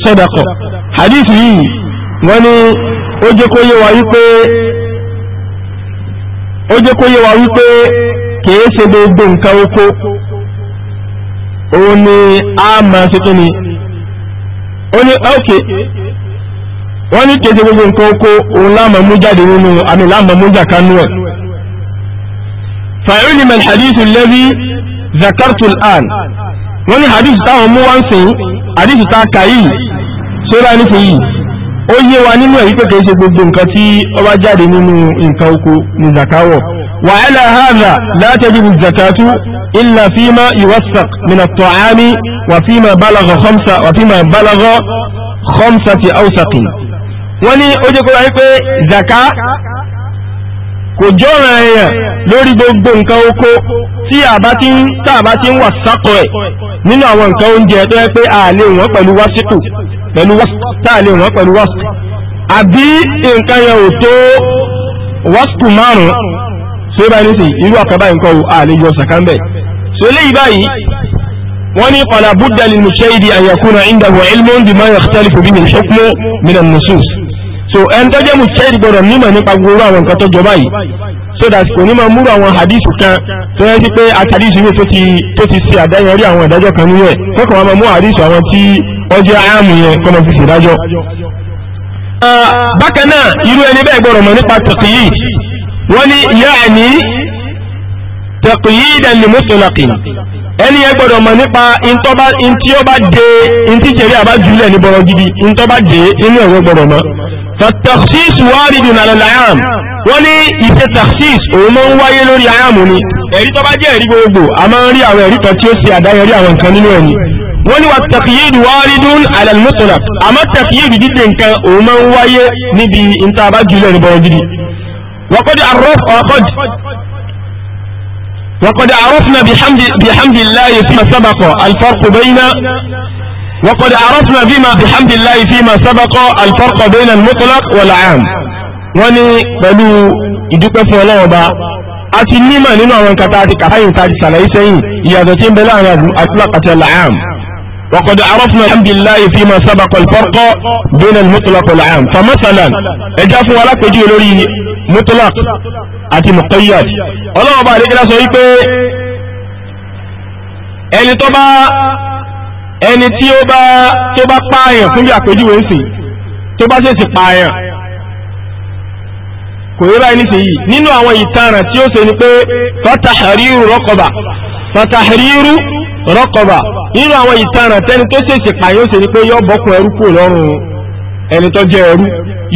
sadaqa hadith yìí wọ́n ní ó jẹ́ kó yé wa wípé ó jẹ́ kó yé wa wípé kìí ṣe gbogbo nǹkan oko òun ni a máa ṣe kí ni ó ní ok wọ́n ní kìí ṣe gbogbo nǹkan oko òun láàmà mú jáde nínú àmì láàmà mú jà kánú ẹ̀ fa'ulima al-hadith alladhi dhakartu an wọ́n ní hadith táwọn mú wá ń sìn hadith tá a kà yìí sóra ní fún yìí ó yé wa nínú ẹ̀rí pé kìí ṣe gbogbo nǹkan tí ó bá jáde nínú nǹkan oko ní zakawọ̀ wa ala hadha la tajibu zakatu illa fima yuwassaq min at-ta'ami wa fima balagha khamsa wa fima balagha khamsati awsaqin wọ́n ní ó jẹ́ kó wáyé pé zaka kò jọ́ràn èèyàn lórí gbogbo nǹkan oko tí àbá ti ń tàbá ti ń wà sákọ̀ ẹ̀ nínú àwọn nǹkan oúnjẹ tó yẹ pé àlè wọ́n pẹ̀lú wásìkò pẹ̀lú táàlè wọ́n pẹ̀lú wásìkò àbí nǹkan yẹn ò tó wásìkò márùn-ún ṣé báyìí ní sìn irú àkàbà nǹkan ò àlè yọ sàkánbẹ̀ ṣé léyìí báyìí wọ́n ní pàlà búdà lil mushahidi an yakuna indahu ilmun bima yakhtalifu bihi al-hukmu min an-nusus so ẹni tó jẹ́ mujtahid gbọ́dọ̀ nímọ̀ nípa gbogbo àwọn nǹkan tó jọ báyìí so that kò ní máa múrò àwọn hadithu kan tó yẹ sí pé àtàdísù yìí tó ti ṣe àdáyẹrí àwọn ìdájọ́ kan nílẹ̀ kọ́kọ́ wọn máa mú hadithu àwọn tí wọ́n jẹ́ ààmù yẹn kọ́ máa fi ṣèdájọ́. Ah, bákan náà irú ẹni bẹ́ẹ̀ gbọ́dọ̀ mọ̀ nípa tẹ̀kì yìí wọ́n ní yáà ní tẹ̀kùyídẹ̀ lè mọ́tòlákì ẹni yẹn gbọ́dọ̀ mọ̀ nípa ntí ó bá dé ntí jẹ̀rí àbá jùlẹ̀ ní bọ̀rọ̀ gidi ntọ́ bá dé inú ẹ̀wọ́ gbọ́dọ̀ mọ́ tọ̀tọ̀ṣís wárí dùn àlọ́ làyàm wọ́n ní ìṣe tọ̀ṣís òun máa ń wáyé lórí àyàm ni ẹ̀rí tó bá jẹ́ ẹ̀rí gbogbo a máa ń rí àwọn ẹ̀rí kan tí ó ṣe àdáyẹrí àwọn nǹkan nínú ẹ̀ni wọ́n ní wa tẹ̀kìyìdì wárí dùn àlọ́ وقد عرفنا بحمد, بحمد الله فيما سبق الفرق بين وقد عرفنا بما بحمد الله فيما سبق الفرق بين المطلق والعام وني بلو يدوك في الله a ti nímọ̀ nínú àwọn nǹkan tá a ti kà fáyìn tá a ti sàlàyé sẹ́yìn ìyàtọ̀ tí ń bẹ láàrin àtúlọ̀kà àti àlàám وقد عرفنا الحمد لله فيما سبق الفرق بين المطلق والعام فمثلا ẹja fún wa lápèjú lórí mutlaq àti muqayyad ọlọ́wọ́ bá àdékẹ́lá sọ wípé ẹni tó bá ẹni tí ó bá tó bá pààyàn fún bí àpèjúwe ń sìn tó bá ṣèṣì pààyàn kò rí báyìí nísìnyí nínú àwọn ìtaràn tí ó ṣe ni pé fatahariru raqaba fatahariru raqaba nínú àwọn ìtaràn tẹni tó ṣèṣì pààyàn ó ṣe ni pé yọ bọ́kùn ẹrú kúrò lọ́rùn ẹni tó jẹ́ ẹrú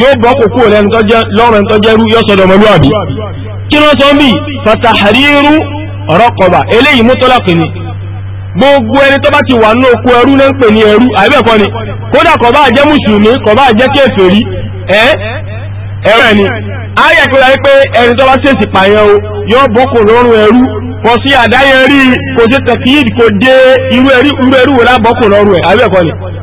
yóò bọ́ kò kúrò lẹ́ni tó jẹ́ lọ́rùn ẹni tó jẹ́ ẹrú yóò sọ̀dọ̀ ọmọlúwàbí kí ló sọ gbogbo ẹni tó bá ti wà oko ẹrú náà ń pè ní ẹrú ni kódà kò bá mùsùlùmí kò bá jẹ́ kèfèrí ẹ́ ẹ̀rọ ẹni ayẹ̀ pé wáyé pé ẹni tó bá ṣèṣì pààyàn o yóò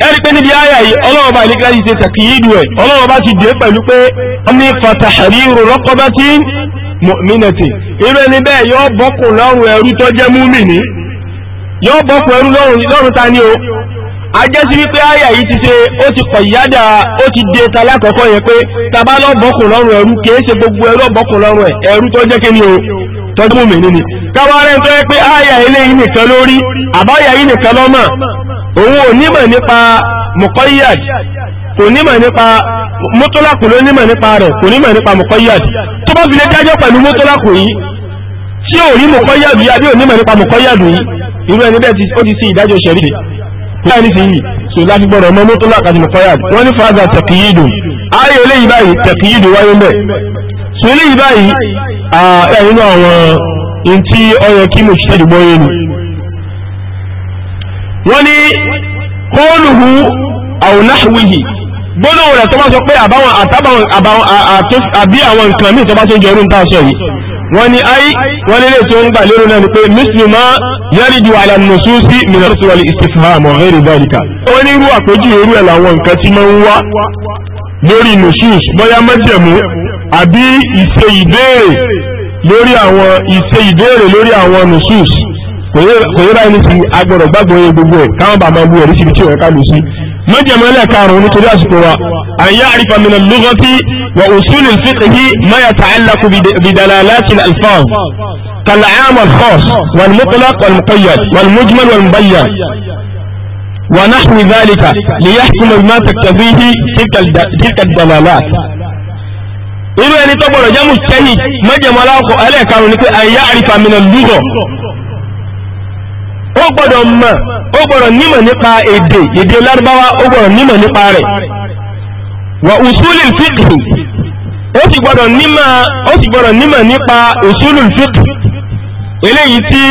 ẹ̀rí pé níbi ayà yìí ọlọ́wọ́ bá ìlẹ́kẹ́ yìí ṣe tàkì yìí dùn ẹ̀ ọlọ́wọ́ bá ti dé pẹ̀lú pé wọ́n ní fàtàhàrí rọ́kọ́bá tí mọ̀mínẹ̀tì irú ẹni bẹ́ẹ̀ yọ bọ́kùn lọ́rùn ẹrú tó jẹ́ múmìnì yọ ẹrú lọ́rùn ta ni o ajẹ́sí wípé ayà yìí ti ṣe ó ti kọ̀ ìyáda ó ti dé ta lákọ̀ọ́kọ́ yẹn pé tàbá lọ lọ́rùn ẹrú kìí ṣe gbogbo ẹrú òun ò nímọ̀ nípa mọ̀kọ́yàd kò nímọ̀ nípa mọ́tọ́lákù ló nímọ̀ nípa rẹ̀ kò nímọ̀ nípa mọ̀kọ́yàd tó bá fi lè dájọ́ pẹ̀lú mọ́tọ́lákù yìí tí ò rí mọ̀kọ́yàd yìí àbí ò nímọ̀ nípa mọ̀kọ́yàd yìí irú ẹni bẹ́ẹ̀ ó ti sí ìdájọ́ ṣẹ̀rí láì nísìnyí so láti gbọ́dọ̀ ọmọ mọ́tọ́lákù àti mọ̀kọ́yàd wọ́n ní fàáza tẹ̀kìyìdùn ayé eléyìí báyìí tẹ̀kìyìdù wáyé mbẹ́ so eléyìí báyìí ẹ̀yìn náà àwọn ohun tí ó yẹ kí mo ṣiṣẹ́ dùgbọ́ yé ni wọ́n ní kóòlùhù àwùnáhùwìhì gbọ́nà rẹ̀ tó bá sọ pé àbáwọn àtàbáwọn àbí àwọn nǹkan míì tó bá tó jọrú ń tàṣọ yìí wọ́n ní ayé wọ́n nílé tó ń gbà lérò náà ni pé mùsùlùmá yẹ́rìndì wàhálà nùsùn sí mìíràn wọlé istifham ọ̀rẹ́ ìbáríkà ó ní irú àpéjú irú ẹ̀ làwọn nǹkan tí máa ń wá lórí nùsùn bóyá mẹ́jẹ̀mú àbí ìṣe ìbéèrè lórí àwọn ìṣe ìbéèrè lórí àwọn nùsùn kò yẹ báyìí nísìnyí agbọ̀dọ̀ gbàgbọ́ yẹ gbogbo ẹ̀ káwọn bàbá lu ẹ̀rí síbi tí òun ká lù sí. mọ́jẹ̀mọ́ ẹlẹ́ẹ̀karùn-ún nítorí àsìkò wa àyà àrífà min al-lughati wa usul al-fiqh ma yata'allaqu bi dalalati al-alfaz kal-'am al-khas wal-mutlaq wal-muqayyad wal-mujmal wal-mubayyan wa nahwu dhalika liyahkuma bima taqtadhihi tilka ad ó gbọ́dọ̀ mọ̀ ó gbọ́dọ̀ nímọ̀ nípa èdè èdè lárúbáwá ó gbọ́dọ̀ nímọ̀ nípa rẹ̀ wà usulul fiqh ó sì gbọ́dọ̀ nímọ̀ nípa eléyìí tí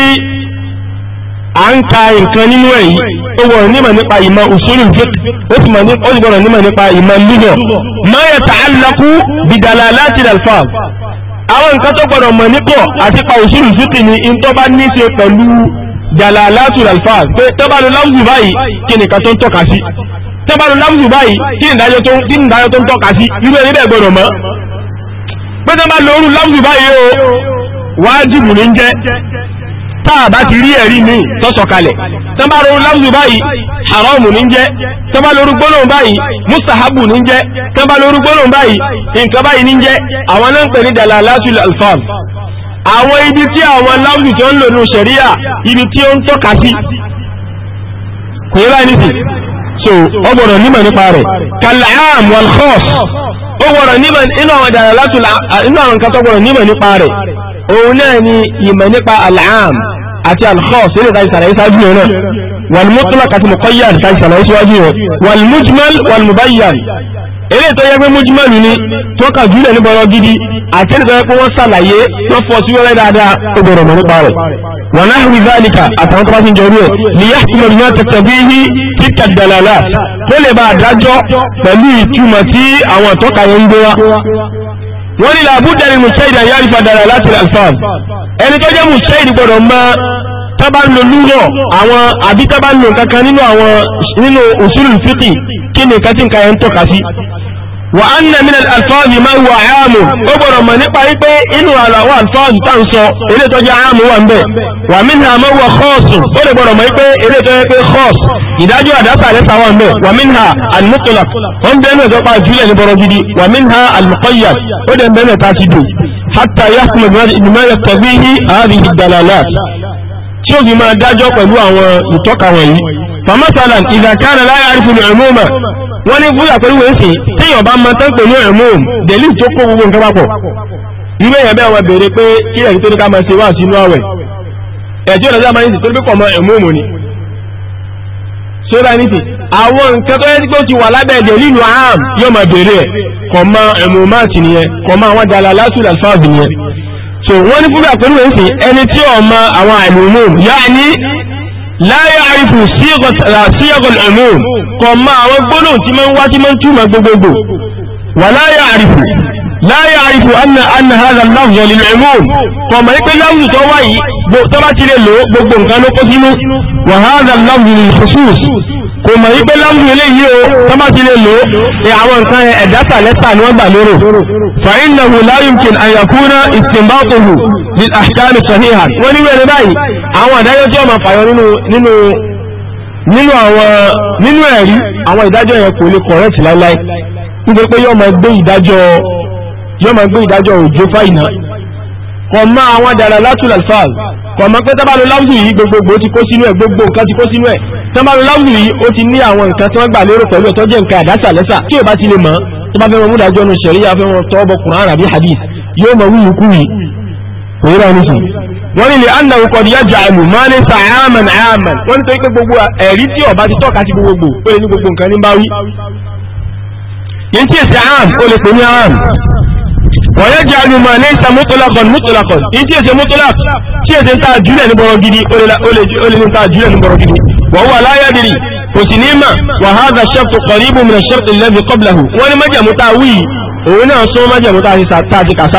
a ń ka nǹkan nínú ẹ̀ yìí ó gbọ́dọ̀ nímọ̀ nípa ìmọ̀ usulul fiqh ó sì gbọ́dọ̀ nímọ̀ nípa ìmọ̀ ma yata'allaqu bi dalalatil alfaz àwọn nǹkan tó gbọ́dọ̀ mọ̀ àti pa ni bá ní dalalatul alfaz pé tọ́bàlù lámùsù báyìí kí nìkan tó ń tọ́ka sí tọ́bàlù lámùsù báyìí kí nìdájọ́ tó kí nìdájọ́ tó ń tọ́ka sí irú ẹni bẹ́ẹ̀ gbọ́dọ̀ mọ́ pé tọ́ba lóru lámùsù báyìí o wájìbù ní jẹ́ tá a bá ti rí ẹ̀rí mi tọ́sọ̀ kalẹ̀ tọ́ba lóru lámùsù báyìí haramu ní jẹ́ tọ́ba lóru gbólóhùn báyìí mustahabu ní jẹ́ tọ́ba lóru gbólóhùn báyìí nǹkan báyìí ní jẹ́ àwọn náà ń pè ní dalalatul alfaz àwọn ibi tí àwọn láwùjọ tó ń lò nù ṣẹ̀ríà ibi tí ó ń tọ́ka sí kò yẹ báyìí nìsí so ó gbọ́dọ̀ nímọ̀ nípa rẹ̀ kàlàyàm wal khas ó gbọ́dọ̀ nímọ̀ inú àwọn dàrà látùlà inú àwọn nǹkan tó gbọ́dọ̀ nímọ̀ nípa rẹ̀ òun náà ni ìmọ̀ nípa àlàám àti alkhas ilé ìdájí sàlàyé sáájú yẹn náà wal mutlaq àti muqayyad ìdájí sàlàyé síwájú yẹn wal mujmal wal mubayyan pé mujmal ni tó kà jùlẹ̀ níbọ̀rọ̀ gidi àti ẹni tó yẹ pé wọ́n ṣàlàyé wọ́n fọ́ sí wẹ́rẹ́ dáadáa ó gbọ́dọ̀ mọ̀ nípa rẹ̀ wọn náà rí záàlìkà àtàwọn tó bá ti ń jọrú ẹ̀ níyà ìmọ̀ ìmọ̀ tẹ̀tẹ̀ bí i títà dàlàlà tó lè bá àdájọ́ pẹ̀lú ìtumọ̀ tí àwọn àtọ́ka yẹn ń gbé wá wọ́n ní làbúdà ní mùsáìdì àyàrífà dára láti alfam ẹni tó jẹ́ mùsáìdì gbọ́dọ̀ mọ̀ tábà lúrọ̀ àwọn àbí tábà kankan nínú àwọn nínú usulul fiqh kí ni nǹkan yẹn ń tọ́ka sí wà á nà mí alfáàzì máa wà áàmù ó gbọ́dọ̀ mọ̀ nípa wípé inú àlàwọ̀ alfáàzì tá ń sọ ilé tó jẹ́ áàmù wà ń bẹ̀ wà mí nà máa wà kọ́ọ̀sù ó lè gbọ́dọ̀ mọ̀ wípé ilé tó yẹ pé kọ́ọ̀sù ìdájọ́ àdásà àlẹ́sà wà ń bẹ̀ wà mí nà almutlaq ó ń bẹ́ẹ̀ mẹ́ta pa jùlẹ̀ ní bọ̀rọ̀ gidi wà mí nà almuqayyad ó dẹ̀ ń bẹ́ẹ̀ mẹ́ta ti dùn hatta yahkum bima wọ́n ní búrú àpẹrúwé ń sìn téèyàn bá máa tán pè ní ẹ̀mú dẹ̀lí tó kó gbogbo nǹkan papọ̀ irú èèyàn bẹ́ẹ̀ wọ́n béèrè pé kí ẹ̀rí tó ní ká máa ṣe wá sínú àwẹ̀ ẹ̀jọ́ ìdájọ́ máa ń sìn tó ní pọ̀ mọ́ ẹ̀mú òmù ni sóra ní ti àwọn nǹkan tó yẹ kí ó ti wà lábẹ́ ẹ̀jẹ̀ lílu aham yóò máa béèrè ẹ̀ kọ̀ máa ẹ̀mú máàsì nìyẹn kọ̀ máa wọ́n dala lásùlù àlfáàbì nìyẹn so wọ́n ní búrú àpẹrúwé ń sìn ẹni tí ọ̀ láyé àrífù sí ọgọl ẹ̀mú kọ ma àwọn gbónà tí ma ń wá tí ma ń túmọ̀ gbogbogbò wà láyé àrífù láyé àrífù anna hada láwùjọ lílọ ẹ̀mú kọ ma ní pé láwùjọ tó wá yìí tó bá ti lè lò gbogbo nǹkan ló kó sínú wà hada láwùjọ lílọ khusus kò mọ̀ wípé láwùjọ lè yí o tó bá ti lè lò e àwọn nǹkan ẹ̀dá tàlẹ́tà ni wọ́n gbà lérò fàínàwò láyùmkin àyàkúnà ìsìnbákòhù ní àṣìkáàmì sọ̀híhà wọ́n níwẹ̀rẹ̀ báyìí àwọn àdájọ́ tí ó máa fàyọ nínú nínú nínú àwọn nínú ẹ̀rí àwọn ìdájọ́ yẹn kò lè correct láíláí nítorí pé yóò máa gbé ìdájọ́ yóò máa gbé ìdájọ́ òjò fáìnà kọ̀ mọ́ àwọn dàrà látùlà fáàl kọ̀ mọ́ pé tábàlù láwùjù yìí gbogbogbò ti kó sínú ẹ̀ gbogbo nǹkan ti kó sínú ẹ̀ tábàlù láwùjù yìí ó ti ní àwọn nǹkan tí wọ́n gbà lérò pẹ̀lú ẹ̀ tó jẹ́ nǹkan àdásà lẹ́sà tí ò bá ti lè mọ̀ tó bá fẹ́ mọ̀ múdàjọ́ nu ṣẹ̀ríyà fẹ́ mọ̀ tọ́ bọkùnrin àràbí hadith yóò mọ̀ wíyù kúrì èyí náà nìsí wọ́n ní lè anna ọkọ̀ ní yájà àlù máa ní sa àmàn àmàn wọ́n ní tó pé gbogbo ẹ̀rí tí ọba ti tọ́ka sí gbogbo ó lè ní gbogbo nǹkan ní báwí yìí tí èsì àm ó lè pè ní àm wọ́n yájà àlù máa ní sa mútòlákọ̀ mútòlákọ̀ yìí tí èsì mútòlák tí èsì ń ta àjúlẹ̀ ní bọ̀rọ̀ gidi ó lè ní ta àjúlẹ̀ ní bọ̀rọ̀ gidi wọ́n wà láyàdìrì kò sì ní mà wàhálà ṣẹ́kù kọ̀ríbù mìíràn ṣẹ́kù lẹ́bi kọ́bìlà hù wọ́n ní májàmú tá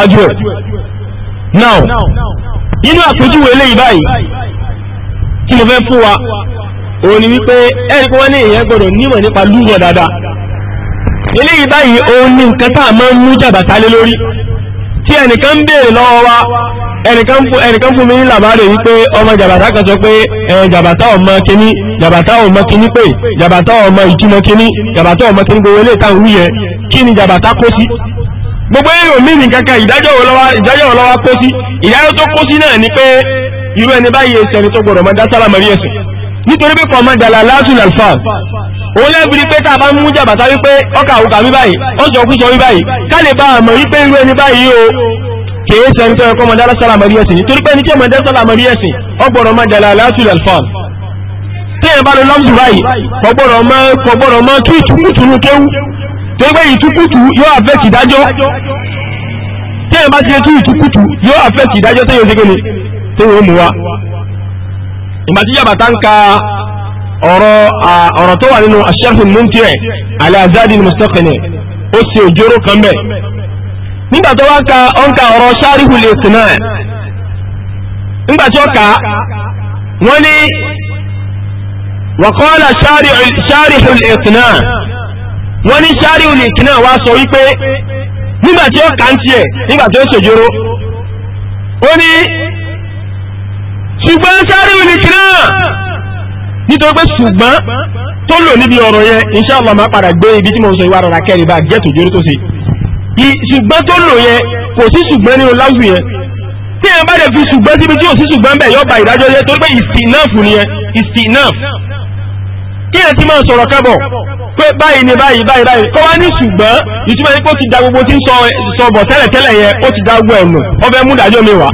a wí now nínú àpèjúwe eléyìí báyìí kí mo fẹ́ fún wa òun ni wípé ẹ̀rí kí wọ́n ní èèyàn gbọ́dọ̀ nímọ̀ nípa lúgọ̀ dáadáa eléyìí báyìí òun ní nǹkan tá a máa ń mú jàbàtà lé lórí tí ẹnìkan ń béèrè lọ́wọ́ wa ẹnìkan fún mi ní làbárè wípé ọmọ jàbàtà kan sọ pé ẹ̀rọ jàbàtà ọmọ kínní jàbàtà ọmọ kínní pé jàbàtà ọmọ ìtumọ̀ kínní jàbàtà ọmọ kínní gbogbo eléyìí táwọn gbogbo èrò mí ní kankan ìdájọ́ wo lọ́wọ́ kó sí ìdájọ́ tó kó sí náà ni pé irú ẹni báyìí ẹsẹ̀ ẹni tó gbọ́dọ̀ máa dá sára mọ́rí ẹ̀sìn nítorí pé kọ̀ọ̀mọ́ dàlà lásùn àlùfà òun lẹ́bìrì pé tá a bá mú jàbàtà wípé ọkà òkà wí báyìí ọjọ́ kú sọ wí báyìí ká lè bá a mọ̀ wípé irú ẹni báyìí o kèé sẹ́ni tó ẹ̀kọ́ mọ̀dá sára mọ̀rí ẹ̀sìn nítorí pé ní tí mọ̀dá sára mọ̀rí ẹ̀sìn ọgbọ̀rọ̀ mọ̀ dàlà lásùn àlùfà tí torí pé ìtukùtù yóò affect ìdájọ́ tí ẹ̀ bá ti tú ìtukùtù yóò affect ìdájọ́ tó yóò ṣe kéde tó yóò mú wa ìgbà tí yàbàtà ń ka ọ̀rọ̀ ọ̀rọ̀ tó wà nínú aṣẹ́fún múntiẹ̀ aláàzáàdì ní mustaqini ó sì òjòrò kan bẹ̀ nígbà tó wá ka ó ka ọ̀rọ̀ sáríhù lè sìn náà nígbà tí ó ka wọ́n ní wàkọ́lá sáríhù lè sìn náà wọ́n ní ṣáríù link náà wá sọ wípé nígbà tí ó kàǹtì ẹ̀ nígbà tí ó ṣòjoro ó ní ṣùgbọ́n ṣáríù link náà nítorí pé ṣùgbọ́n tó lò níbi ọ̀rọ̀ yẹn inṣàlá máa padà gbé ibi tí mo sọ ìwà rọra kẹrin bá jẹ́ tòjóró tó ṣe ṣùgbọ́n tó lò yẹn kò sí ṣùgbọ́n nínú láwù yẹn tí ẹ bá dẹ̀ fi ṣùgbọ́n síbi tí ò sí ṣùgbọ́n bẹ̀ yọba ìdájọ́ yẹn torí pé ìsìnáàfù nìyẹn kí ẹ ti máa sọ̀rọ̀ kẹ́bọ̀ pé báyìí ni báyìí báyìí báyìí kọ́ wá ní ṣùgbọ́n ìtumọ̀ ní pé ti da gbogbo tí ń sọ bọ̀ tẹ́lẹ̀tẹ́lẹ̀ yẹn ó ti da gbogbo ẹ̀nù ọbẹ̀ mú dájọ́ mi wá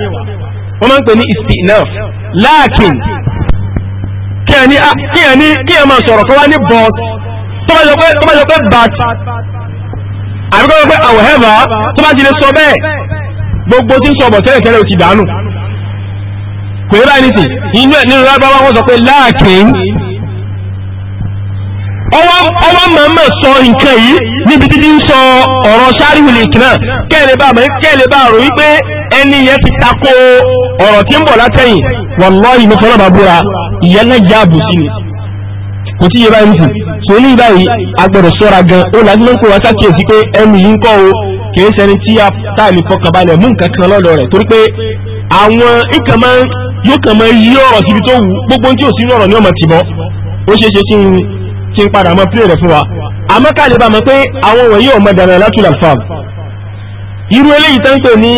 wọ́n máa ń pè ní istinaf láàkìn kí ẹ máa sọ̀rọ̀ kọ́ wá ní but tó bá jọ pé but àbíkọ́ pé however tó bá ti sọ bẹ́ẹ̀ gbogbo tí ń sọ bọ̀ tẹ́lẹ̀tẹ́lẹ̀ ó ti dànù kò ní báyìí nìsín inú ẹ̀ nínú lábáwá wọ́n sọ pé láàkìn ọwọ́ mọ̀mọ̀ sọ nǹkan yìí níbi títí ń sọ ọ̀rọ̀ sáríwìlì náà kẹ́lẹ̀ rò wípé ẹni yẹn ti tako ọ̀rọ̀ tí ń bọ̀ látẹ̀yìn wallahi mo fọ́nà bá búra ìyẹn náà já àbò sí ni kò tí yẹ báyìí nìsín tó ní báyìí a gbọ́dọ̀ sọ́ra gan ó lájú ló ń kó wa sákìyèsí pé ẹnu yìí ń kọ́ o kìí ṣẹni tí a táàmì fọkànbalẹ̀ mú nǹkan kan lọ́dọ̀ rẹ̀ torí pé àwọn ìkàn máa yóò kàn máa yí ọ̀rọ̀ síbi tó wù gbogbo tí ò sí ọ̀rọ̀ ní ọmọ tìbọ̀ ó ṣeé ṣe kí n ti ń padà mọ́ plé rẹ̀ fún wa àmọ́ ká lè bá mọ̀ pé àwọn wọ̀nyí ọmọ dànù látúlà fáàmù irú eléyìí tán pè ní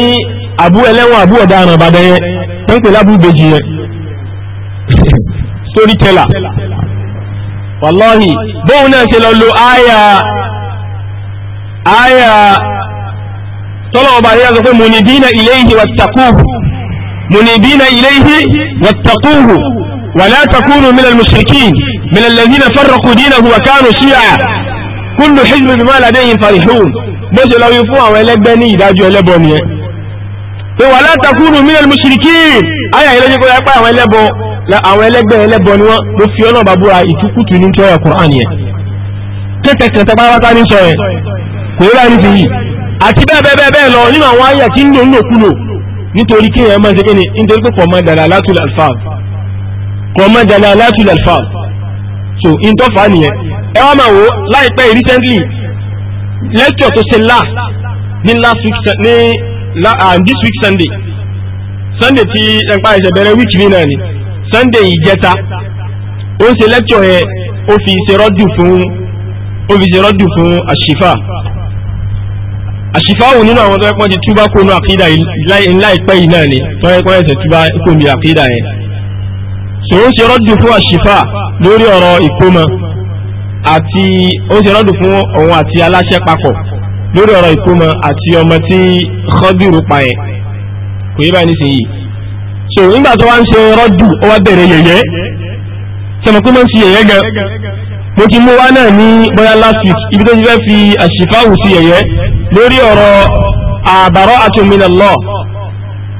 àbú ẹlẹ́wọ̀n àbú ọ̀daràn àbàdàn yẹn tán pè lábú ìbejì yẹn story teller wàláhì bóun náà ṣe lọ lo àyà àyà tọ́lọ̀ ọba àríyá sọ pé munibina ilayhi wattaquhu munibina ilayhi wattaquhu wala takunu minal mushrikin من الذين فرقوا دينه وكانوا شيعا كل حزب بما لديهم فرحون بس لو يفوها ولبني داجو لبني ولا تكونوا من المشركين ايا الى جكو يا با ولبو لا àwọn ẹlẹgbẹ́ ẹlẹ́bọ ni wọ́n ló fi ọlọ́run bá búra ìtúkùtù ní tọ́yọ̀ kùránì ẹ̀ kẹ́tẹ̀kẹ́ tẹpárápá ní sọ ẹ̀ kò rí láàrin fi yìí àti bẹ́ẹ̀ bẹ́ẹ̀ bẹ́ẹ̀ lọ nínú àwọn ayé tí ń lò ń lò kúlò nítorí kí èèyàn máa ṣe kí ni nítorí pé kọ̀ọ̀mọ́ dàlá látùlẹ̀ alfáà kọ̀ọ̀mọ́ dàlá látùlẹ̀ alfáà so in tó fà á nìyẹn ẹ wá máa wò láìpẹ́ recently lecture tó ṣe la ní last week ní ah, this week sunday sunday tí ẹ̀pá ẹ̀ṣẹ̀ bẹ̀rẹ̀ week ní náà ni sunday ìjẹta ó ń ṣe lecture yẹn ó fi ṣe rọ́dù fún ó fi ṣe rọ́dù fún àṣìfà àṣìfáwò nínú àwọn tó ẹ̀pọ̀ ti túbá kó nú àkídà láìpẹ́ yìí náà ni tó ẹ̀pọ̀ ẹ̀ṣẹ̀ túbá kó mi àkídà yẹn so ó ṣe rọ́dù fún àṣìfà lórí ọ̀rọ̀ ìkómọ àti ó ṣe rọ́dù fún òun àti aláṣẹ papọ̀ lórí ọ̀rọ̀ ìkómọ àti ọmọ tí kọ́dìrú pa yẹn kò yé báyìí nísìnyí so nígbà tó wá ń ṣe rọ́dù ó wá bẹ̀rẹ̀ yẹ̀yẹ́ sọmọkú máa ń ṣe yẹ̀yẹ́ gan mo ti mú wá náà ní bóyá last week ibi tó ti fẹ́ fi àṣìfà wù sí yẹ̀yẹ́ lórí ọ̀rọ̀ àbárọ̀ àtòmínà lọ́ọ̀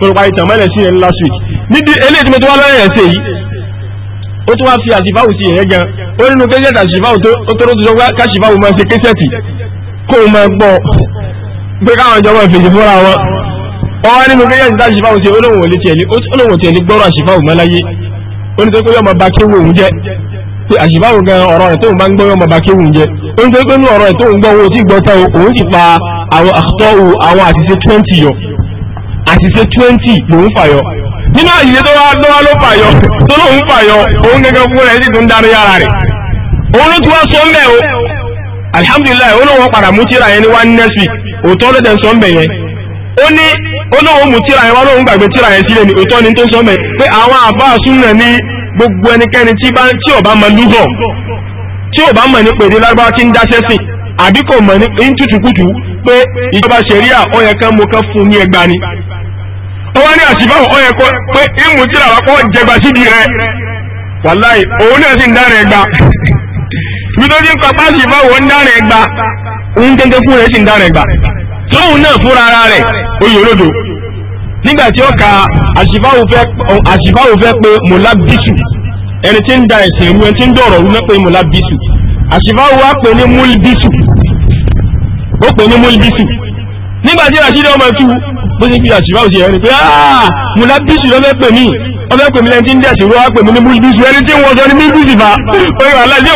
tó parí tàn mọ́lẹ̀ sí yẹn last week níbi eléyìí tí mo tó wá lọ́rẹ̀ yẹn ṣe yìí ó tún wá fi àṣìfáwù sí yẹn gan ó nínú kẹ́sẹ̀tì àṣìfáwù tó tó tó sọ pé káṣìfáwù máa ṣe kẹ́sẹ̀tì kó o máa gbọ́ pé káwọn ìjọba ìfèsì fúnra wọn ọwọ́ nínú kẹ́sẹ̀tì àṣìfáwù ṣe olóhùn ò lè tiẹ̀ ní gbọ́rọ̀ àṣìfáwù mọ́ láyé ó ní tó pé yọmọ bá kéwù òun jẹ́ pé àṣìfáwù gan ọ̀rọ̀ rẹ̀ tóun bá kéwù àṣìṣe twenty lòún fàyọ nínú àṣìṣe tó wá ló wá ló fàyọ tó lòún fàyọ òun gẹ́gẹ́ fún rẹ̀ sì tún dáná yàrá rẹ̀ òun ló ti wá sọ mbẹ́ o alihamudulilayi ó lóun padà mú tíra yẹn ní one next week òótọ́ ló tẹ̀ sọ mbẹ́ yẹn ó ní ó lóun mú tíra yẹn wá lóun gbàgbé tíra yẹn sílẹ̀ ní òótọ́ ni tó sọ mbẹ́ pé àwọn àbá súnà ní gbogbo ẹnikẹ́ni tí ò bá mọ lúgọ̀ tí ò bá mọ̀ ní pèdè lárúbáwá tí ń dáṣẹ́ sìn àbí kò mọ̀ ní tútùkùtù pé ìjọba ṣẹ̀ríà ó yẹ kán mo kán fún ní ẹgbàá ni tó wá ní àṣìfà ọ̀yẹ̀ kọ́ pé ìmú tí làwọn kọ́ jẹgba síbi rẹ wàláì òun náà sì ń dára ẹgba ibi tó ti ń papá àṣìfà òun ń dára ẹgba òun tẹ́tẹ́ fún rẹ sì ń dára ẹgba tóun náà fúnra ara rẹ oyè olódo nígbà tí ó ka àṣìfà òun fẹ́ pé mọ̀lábísù ẹni tí ń da ẹ̀sìn ìlú ẹni tí ń dọ̀rọ̀ ọ̀rú mẹ́pẹ́ mọ̀lábísù àṣìfà òun wá pè ní múlbísù ó nígbà tí rashidi ọmọ tu bó ṣe fi àṣìwá òṣì ẹni pé áà ah, mo lábíṣì lọ́fẹ́ pè mí ọfẹ́ pè mí lẹ́ni tí ń dẹ̀ṣì ló wá pè mí ní búlbíṣì ẹni tí ń wọ́sọ ní búlbíṣì fa oye wàhálà sí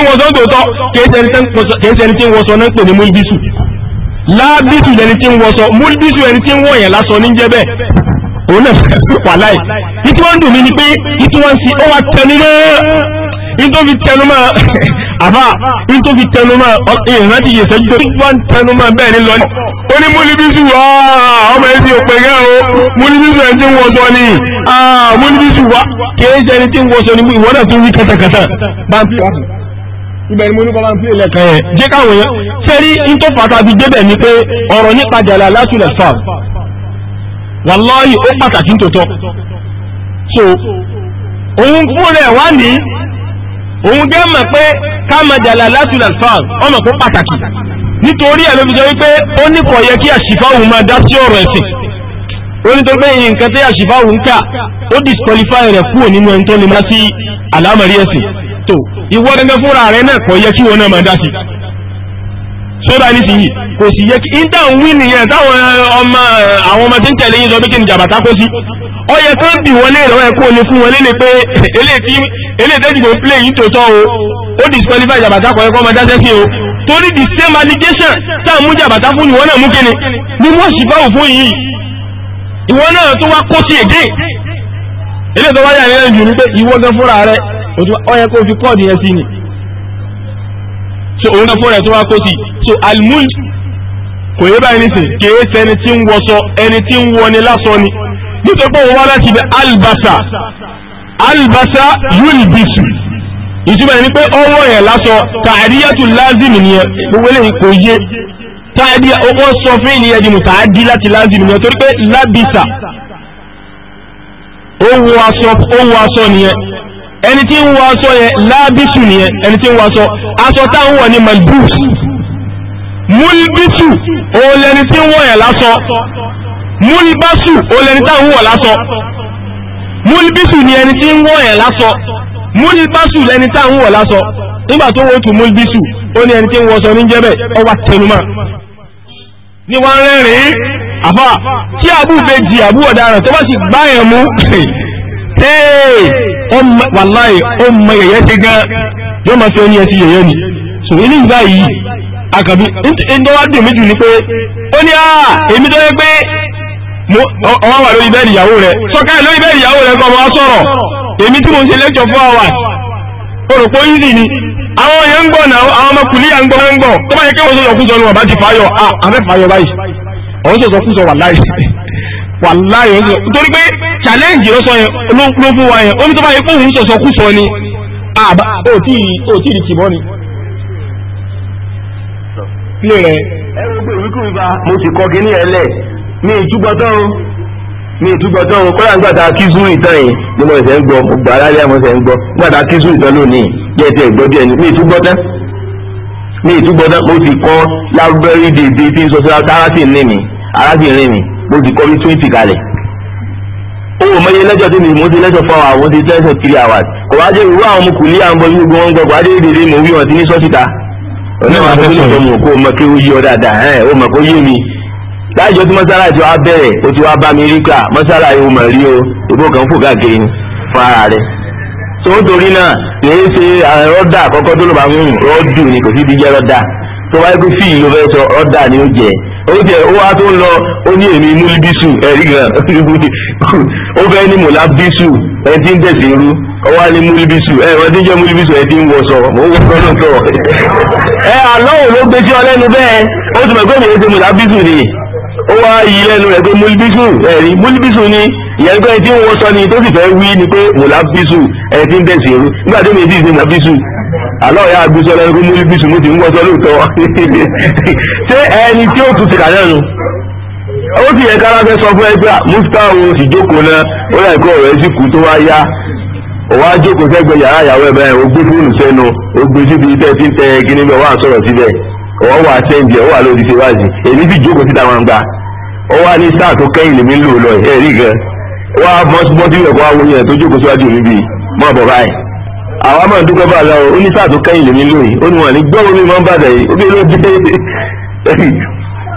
ìwọ̀sọ ń tòótọ́ kìí ẹni tí ń wọ́sọ náà pè ní búlbíṣì lábíṣì lẹni tí ń wọ́sọ búlbíṣì ẹni tí ń wọ̀ yẹn lásọ ní jẹ́ bẹ́ẹ̀ òun náà wà láì ìtí wọ́n dùn mí ni pé ìtí wọ́n ó wà tẹnu mọ́ ìtí fi tẹnu mọ́ àbá n tó fi tẹnumọ́ ìrántí yìí sẹ́jú tó wọ́n tẹnumọ́ bẹ́ẹ̀ ni lọ́nà. ó ní múlibísù wá ọmọ yẹn ti òpè gẹ́ o múlibísù ẹni tí ń wọṣọ ni múlibísù wá kìí ṣe ẹni tí ń wọṣọ ni ìwọ náà tún wí kàtàkàtà bá ń pè ibẹ̀ ni mo ní kọ́ bá ń pè lẹ́ẹ̀kan yẹn jẹ́ káwọn yẹn sẹ́rí n tó fàtà fi débẹ̀ ni pé ọ̀rọ̀ nípa jàlá látúlẹ̀ fà wàláyì ó pàtàkì ń tòótọ́ so òun fúnra ẹ̀ wá òun jẹ́ mọ̀ pé ká mọ̀ jàlá látùlà fáwọn ọmọ kó pàtàkì nítorí ẹ̀ ló fi jẹ́ wípé ó ní kò yẹ kí àṣìfà òun máa dá sí ọ̀rọ̀ ẹ̀sìn ó ní tó pé nǹkan tí àṣìfà òun kà ó disqualify rẹ̀ kúrò nínú ẹni tó lè má sí àlámọ̀rí ẹ̀sìn tó ìwọ gẹ́gẹ́ fúnra rẹ̀ náà kò yẹ kí wọn náà máa dá sí sódà nísìnyí kò sì yẹ kí intan wí nìyẹn táwọn eh, ọmọ eh, àwọn ọmọ tí ń tẹ̀lé yín sọ pé kí ni jàbàtà kó sí ó yẹ kó bì wọlé ìrọ̀wẹ́ kó lè fún wọlé lè pé eléyìí eléyìí tẹ́jú kò play yìí tó tọ́ o ó disqualify jàbàtà kọ́ ẹ̀kọ́ ọmọ dáṣẹ́ sí o torí the same allegation tá a mú jàbàtà fún ìwọ náà mú kíni bí wọ́n sì báwò fún yìí ìwọ náà tó wá kó sí èdè eléyìí tó wáyà nílẹ̀ jù ní pé ìwọ gan fúnra rẹ ó yẹ kó fi kọ́ọ̀dù yẹn sí ni so òun náà fúnra rẹ tó wá kó sí so almul kò yé báyìí nísìn kìí ṣẹni tí ń wọṣọ ẹni tí ń wọni lásán ni nítorí pé òun wá láti ibẹ̀ albasa alibasa yulbisu ìtumọ̀ ẹni pé ọwọ́ yẹn lásọ tàdíyàtù lázìmì nìyẹn gbogbo eléyìí kò yé tàdíyà ọwọ́ sọ fún ìnìyẹn di mùtàdí láti lázìmì nìyẹn torí pé lábìsà ó wọ aṣọ nìyẹn ẹni tí ń wọ aṣọ yẹn lábìsù nìyẹn ẹni tí ń wọ aṣọ aṣọ táwọn wọ ní malbus mulbisu òun lẹni tí ń wọ yẹn lásọ mulbasu òun lẹni táwọn wọ lásọ múlbísù ni ẹni tí ń wọ̀ ẹ̀ lásọ múlbásù lẹni tá ń wọ̀ lásọ nígbà tó wọ́n tún múlbísù ó ní ẹni tí ń wọṣọ ní jẹ́bẹ̀ ọwà tẹnumọ́ ní wọ́n rẹ́rìn-ín àfà tí àbú bèjì àbú ọ̀daràn tó bá sì gbá ẹ̀ mú wàláì ó mọ yẹ̀yẹ́ ti gan yóò máa fi ó sí yẹ̀yẹ́ ni so ilé ìgbà yìí àkàbí ń tó wá dùn mí jù ni pé ó ní àà ah, èmi tó yẹ pé ọwọ́ wà lórí bẹ́ẹ̀dì ìyàwó rẹ̀ sọ́ká lórí bẹ́ẹ̀dì ìyàwó rẹ̀ kọ́ ọmọ sọ̀rọ̀ èmi tí mo ń ṣe lẹ́kṣọ̀ fún àwà orùpó yìí ni àwọn èèyàn ń gbọ́ náà àwọn ọmọ kùlíyà ń gbọ́ ń gbọ́ tó bá yẹ kí wọ́n ni wọ́n bá ti fàáyọ̀ àfẹ́ báyìí ọ̀hún sọ̀sọ̀ kúsọ wà láì wà láì torí pé challenge ló sọ yẹn ló fún wa yẹn omi tó bá yẹ ni mi ìtúgbọ́tán o mi ìtúgbọ́tán o kọ́lá nígbà tá a kí zúrì tán yìí ni mo ṣẹ̀ ń gbọ́ mo gbà lálẹ́ mo ṣẹ̀ ń gbọ́ nígbà tá a kí zúrì tán lónìí díẹ̀ tí ẹ̀ gbọ́ díẹ̀ ni mi ìtúgbọ́tán mi ìtúgbọ́tán mo ti kọ́ lábẹ́rí dèdè tí n sọ sí arábìnrin mi arábìnrin mi mo ti kọ́ bí twenty kalẹ̀ owó mẹ́yẹ lẹ́jọ́ tí mi mo ti lẹ́jọ́ four hours mo ti lẹ́jọ́ three hours kò wá dé irú àwọn ọmọkùnrin yà ń bọ gbogbo wọn gbọ́ kò wá dé dèdè mo wí wọn ti ní sọ́ọ̀tì ta ọ̀nà ìwà tó ń lọ́mọ láìjọ tí mọ́sálà ti wá bẹ̀rẹ̀ o ti wá bá mi rí kà mọ́sálà yóò mọ̀ rí o ìbò kan fò káàkiri fún ara rẹ̀ tó ń torí náà kìí ṣe rọ́dà àkọ́kọ́ tó ló bá ń rìn rọ́dù ni kò sí ti jẹ́ rọ́dà tó wáyé pé fíì ló fẹ́ sọ rọ́dà ni ó jẹ́ ó jẹ́ ó wá tó ń lọ ó ní èmi múlíbísù ẹ̀rí gan ó fẹ́ ní mọ̀lá bísù ẹ ti ń tẹ̀sí irú ọwọ́ ní múlíbísù ẹ wọ́n ti ń jẹ́ múlíbísù ẹ ti ń wọṣọ mò ń wọṣọ náà sọ̀rọ̀. ẹ àlọ́wò ló gbé sí ọ lẹ́nu bẹ́ẹ̀ ó ti mọ̀ pé mèé ṣe mọ̀lá bísù ni ó wá yí lẹ́nu rẹ̀ pé múlíbísù ẹ rí múlíbísù ni ìyẹn pé ẹ ti ń wọṣọ ni tó sì fẹ́ wí ni pé mọ̀lá bísù ẹ ti ń tẹ̀sí irú nígbà tó mi ti ṣe mọ̀lá bísù àlọ́ ìyá àgbésọ́ lẹ́nu pé múlíbísù mo ti ń wọṣọ lóòótọ́ ṣé ẹni tí ó tutù kàlẹ́nu ó ti yẹ kára fẹ́ sọ fún ẹ pé ah, mufta òun sì jókòó náà ó yà kó ọ̀rẹ́ sì kú tó wá yá òun á jókòó sẹ́gbẹ̀ẹ́ yàrá ìyàwó ẹ̀ báyìí ó gbé fóònù sẹ́nu ó gbé síbi iṣẹ́ tí ń tẹ kíní bẹ́ẹ̀ wà sọ̀rọ̀ síbẹ̀ ọwọ́ wà sẹ́ǹdì ọwọ́ àlọ́ òdìṣẹ́ wáàzì èmi sì jókòó síta wọn gbà ó wà ní sáà tó kẹ́yìn lèmi ń lò lọ ẹ̀ rí gan wá bọ́sibọ́sí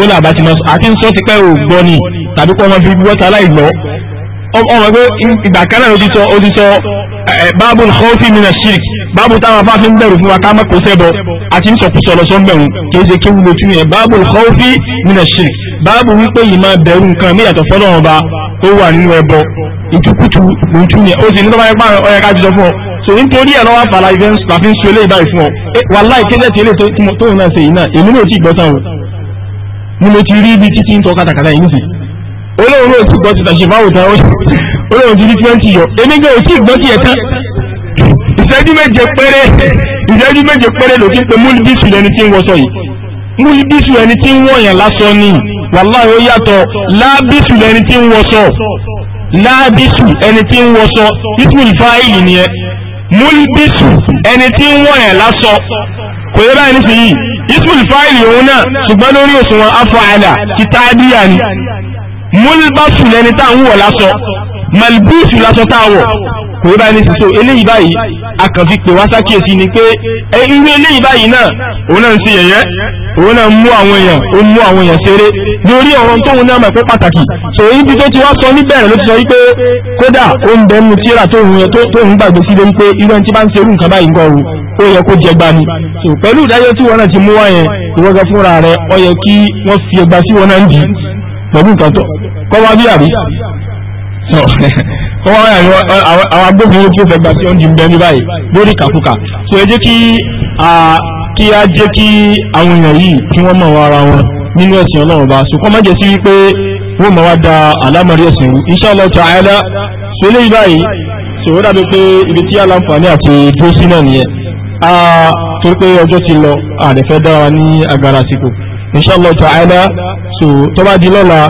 ó làbá ti mọ àti ń sọ ti pẹ́ ògbọ́ ni tàbí kó ọmọ fi wọ́ta láìgbọ́ ọmọ pé ìgbà kan náà ti sọ ó ti sọ báàbù khawfi mina shirk báàbù táwọn afá fi ń bẹ̀rù fún wa ká má kó sẹ́bọ̀ àti ń sọkúsọ lọ́sọ́ ń bẹ̀rù kìí ṣe kéwu lójú yẹn báàbù khawfi mina shirk báàbù wípé yìí máa bẹ̀rù nǹkan mí yàtọ̀ fọ́lọ́run ọba ó wà nínú ẹbọ ìtukùtù lójú yẹn ó sì ní tọ́ba ẹgbẹ́ ọ̀yẹ́ ká jùlọ fún ọ so nítorí ẹ̀ lọ́wọ́ àfàlà ìfẹ́ ń sọ eléyìí báyìí fún ọ wàláì kéde ti eléyìí tó ń náà ṣe yìí náà èmi náà ò tí ì gbọ́ sáwọn ni mo ti rí ibi títí ń tọ́ kátàkátà yìí nìsí olóòrùn ò tí gbọ́ ti tàṣe báwò tán olóòrùn ti rí twenty yọ èmi gbé ò tí gbọ́ ti ẹ̀ tán ìṣẹ́jú méje péré ìṣẹ́jú méje péré ló ti ń pe múlíbísù lẹni tí ń wọṣọ yìí múlíbísù ẹni tí ń wọ̀nyàn lásán ni wàláhì ó yàtọ̀ lábísù lẹni tí ń wọṣọ lábísù ẹni tí ń wọṣọ ismul fáìlì nìyẹn múlíbísù ẹni tí ń wọ̀nyàn lásán kò yẹ báyìí nísìnyí ismul fáìlì òun náà ṣùgbọ́n lórí òṣùwọ̀n afọ àlà kìtàdíyà ni múlbàṣù lẹni tá ń wọ̀ lásọ malbusu lásán táwọ̀ kò rí báyìí nísinsó eléyìí báyìí akànfi pè wá sákìyèsí ni pé irú eléyìí báyìí náà òun náà ń ṣe yẹ̀yẹ́ òun náà ń mú àwọn èèyàn ó mú àwọn èèyàn ṣeré lórí ọ̀rọ̀ tóun náà mọ̀ pé pàtàkì so ibi tó ti wá sọ níbẹ̀rẹ̀ ló ti sọ wípé kódà ó ń bẹ nínú tíra tóun gbàgbé sílé wípé irú ẹni tí bá ń ṣerú nǹkan báyìí nǹkan òun ó yẹ kó jẹgba ni so pẹ̀lú ìdájọ́ tí wọ́n náà ti mú wá yẹn ìwọ́gẹ fúnra rẹ̀ ó yẹ kí wọ́n fi ẹgba sí wọn náà ń dì pẹ̀lú nǹkan kọ́ wá bí àbí wọ́n wáyà àwọn agbófinró tí ó fẹ́ gba sí oúnjẹ ń bẹ ní báyìí lórí kàkúkà so ẹ jẹ́ kí kí á jẹ́ kí àwọn èèyàn yìí kí wọ́n mọ̀ ara wọn nínú ẹ̀sìn ọlọ́run bá so kọ́ má jẹ́ sí wípé wọ́n mọ̀ wá da àlámọ̀rí ẹ̀sìn rú inshallah ta'ala so eléyìí báyìí so ó dàbí pé ibi tí aláǹfààní àti dúró sí náà nìyẹn torí pé ọjọ́ ti lọ àdẹ̀fẹ́ dára ní agbára àsìkò inshallah ta'ala so tó bá di lọ́la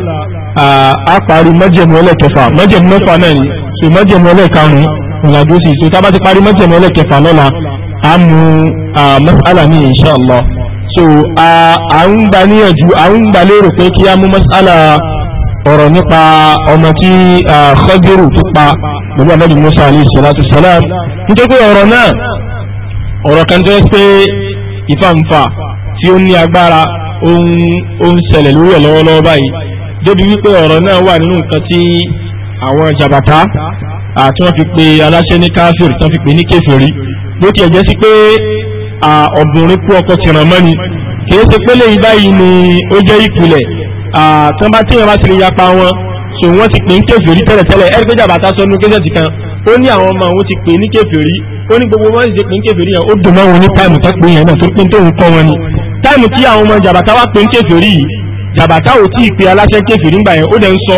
a parí májẹ̀mú ẹlẹ́kẹfà májẹ̀mú mẹ́fà náà ni so májẹ̀mú ẹlẹ́karùn-ún ìrìnàjò sì so tá bá ti parí májẹ̀mú ẹlẹ́kẹfà lọ́la a mú mas'ala ní inshallah so à ń gba níyànjú à ń gba lérò pé kí a mú mas'ala ọ̀rọ̀ nípa ọmọ tí Khadiru tó pa pẹ̀lú ànábì Musa alayhi salatu salam nítorí ọ̀rọ̀ náà ọ̀rọ̀ kan tó yẹ pé ìfàǹfà tí ó ní agbára ó ń ṣẹlẹ̀ lórí ẹ̀ lọ́wọ́lọ́wọ́ báyìí débi wípé ọ̀rọ̀ náà wà nínú nǹkan tí àwọn jàbàtà àti wọ́n fi pe aláṣẹ ní káfíìrì tán fi pè ní kèfèrí bó tiẹ̀ jẹ́ sí pé ọ̀bùnrin kú ọkọ tìràn mọ́ ni kìí ṣe pé lẹ́yìn báyìí ni ó jẹ́ ìpìlẹ̀ tán bá tíyàn bá ti lè yapa wọn so wọ́n ti pè ní kèfèrí tẹ́lẹ̀tẹ́lẹ̀ ẹ̀rí pé jàbàtà sọ nínú kéṣẹ̀tì kan ó ní àwọn ọmọ àwọn ti pè ní kèfèrí ó ní gbogbo wọn ti pè ní kèfèrí yẹn ó dùn mọ́ wọn ní táìmù tó pè yẹn náà tó pé tóun kọ́ wọn ni táìmù tí àwọn ọmọ jàbàtà wá pé ń kèfèrí yìí jàbàtà ò tí ì pe aláṣẹ kèfèrí ńgbà yẹn ó dẹ̀ ń sọ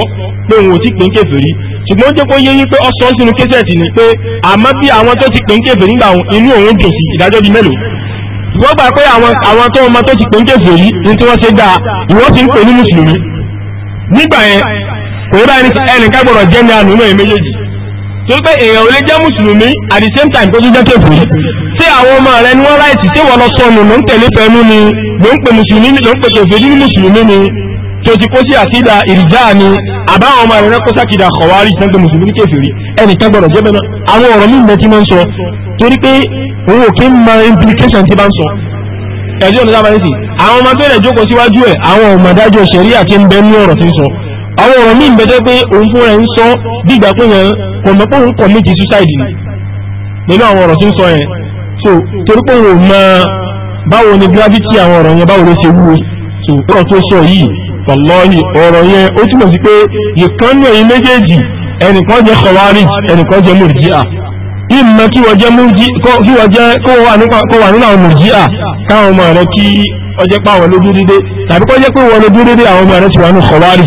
pé òun ò tí ì pé ń kèfèrí ṣùgbọ́n ó jẹ́ kó yé yín pé ọsọ sínú kẹsẹ̀tì ni pé àmọ́ bí àwọn tó ti pè ń kèfèrí ńgbà òun inú òun dùn sí ìdájọ́ bíi mélòó ìwọ gbà pé àwọn tó ọmọ tó ti pè ń kèfèrí ní tí wọ́n ṣe gbà ìwọ ti ń pè ní mùsùlùmí nígbà yẹn kò yẹ èèyàn ò lè jẹ́ mùsùlùmí at the same time tó tún jẹ́ kèfèrí ṣé àwọn ọmọ rẹ ni wọ́n láìsí ṣé wọ́n lọ sọnù ló ń tẹ̀lé fẹ́nu ni ló ń pè mùsùlùmí ló ń pè kèfèrí ní mùsùlùmí ni tó ti kó sí àkídà ìrìjà ni àbáwọn ọmọ rẹ̀ kó sàkídà kọ̀wárí tán pé mùsùlùmí kèfèrí ẹnìkan gbọ́dọ̀ jẹ́ bẹ́ẹ̀ náà àwọn ọ̀rọ̀ mímu ti máa ń sọ torí pé òun ò kí ń mọ implication ti bá ń sọ ẹ̀jẹ̀ ọ̀nà sábà nìsí àwọn ọmọ tó rẹ̀ jókòó síwájú ẹ̀ àwọn ọmọ adájọ́ ṣẹ̀rí àti ń bẹ ní ọ̀rọ̀ tí ń sọ àwọn ọ̀rọ̀ míì bẹ́tẹ́ pé òun fúnra ẹ̀ ń sọ bí ìgbà pé yẹn kò mọ̀ pé òun commit suicide nínú àwọn ọ̀rọ̀ tí ń sọ yẹn so torí pé òun mọ báwo ni gravity àwọn ọ̀rọ̀ yẹn báwo ló ṣe wúwo so ọ̀rọ̀ tó sọ yìí wallahi ọ̀rọ̀ yẹn ó túmọ̀ sí pé ìkànnì ẹ̀yin méjèèjì ẹnìkan jẹ́ khawarij ẹnìkan jẹ́ murji'a ìmọ̀ kí wọ́n jẹ́ kó wà nínú àwọn murji'a káwọn ọmọ rẹ kí ọjẹ́ pa àwọn lójú dídé tàbí kó jẹ́ pé wọ́n lójú dídé àwọn ọmọ rẹ ti wà nínú khawarij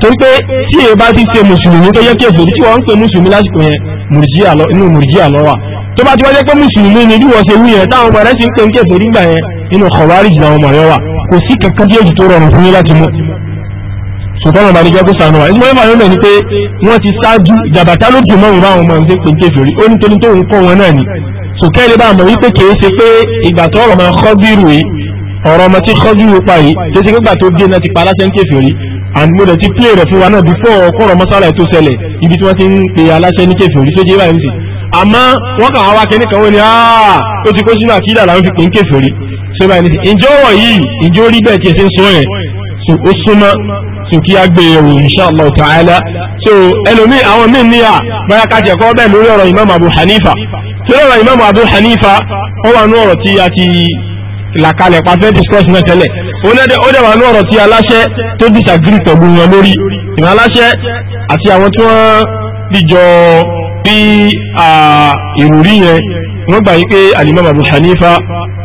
torí pé tí èyí bá ti ṣe mùsùlùmí tó yẹ kí èfèrí tí wọ́n ń pè mùsùlùmí lásìkò yẹn murji'a lọ inú murji'a lọ wà tó bá ti wájẹ́ pé mùsùlùmí ni bí wọ́n ṣe wú yẹn táwọn ọmọ rẹ̀ sì ń pè ń kéfè nígbà yẹn nínú khawarij làwọn ọmọ rẹ̀ wà kò sí kankan tí èjì tó rọrùn fún yín láti mú ṣùgbọ́n ọmọ àdìjẹ́ kó sànù wa ẹni wọ́n fàyọ́ mẹ́ni pé wọ́n ti ṣáájú jàbàtà ló dùn mọ́rùn báwọn ọmọ ṣe pè ń kéfè rí ó ní torí tóun kọ́ wọn náà ni sòkè lè bá àmọ́ wípé kìí ṣe pé ìgbà tó ọ̀rọ̀ máa kọ́ bírù yìí ọ̀rọ̀ ọmọ tí kọ́ bírù pa yìí tó ṣe gbà tó dé náà ti pa aláṣẹ ń kéfè rí and mo dẹ̀ ti pílẹ̀ rẹ̀ fún wa náà bífọ́ ọkọ̀rọ̀ mọ́sálà tó ṣẹlẹ̀ ibi tí wọ́n ti ń pe aláṣẹ ní kéfè rí tó jẹ́ báyìí àmọ́ wọ́n kà wá kẹ́ni kan wọ́n ni áà ah, ó ti kó sínú àkídà làwọn fi pè ń kèfèrí ṣé báyìí nìsí ìjọ wọ̀nyí ìjọ rí bẹ́ẹ̀ tí ẹ ṣe ń sọ ẹ̀ so ó súnmọ́ so kí á gbé ẹ̀rù inshallah ta'ala so ẹlòmíì àwọn míì ní à ah, báyà ká jẹ́ kọ́ bẹ́ẹ̀ lórí ọ̀rọ̀ imam abu hanifa tí ọ̀rọ̀ imam abu hanifa ó wà ọ̀rọ̀ tí a ti làkalẹ̀ pa fẹ́ discuss náà tẹ́lẹ̀ ó dẹ̀ wà ní ọ̀rọ̀ tí aláṣẹ tó disagree pẹ̀lú wọn lórí ìmọ̀ aláṣẹ àti àwọn tí wọ́n bí ìrùrí yẹn wọ́n gbà yí pé alimam abu hanifa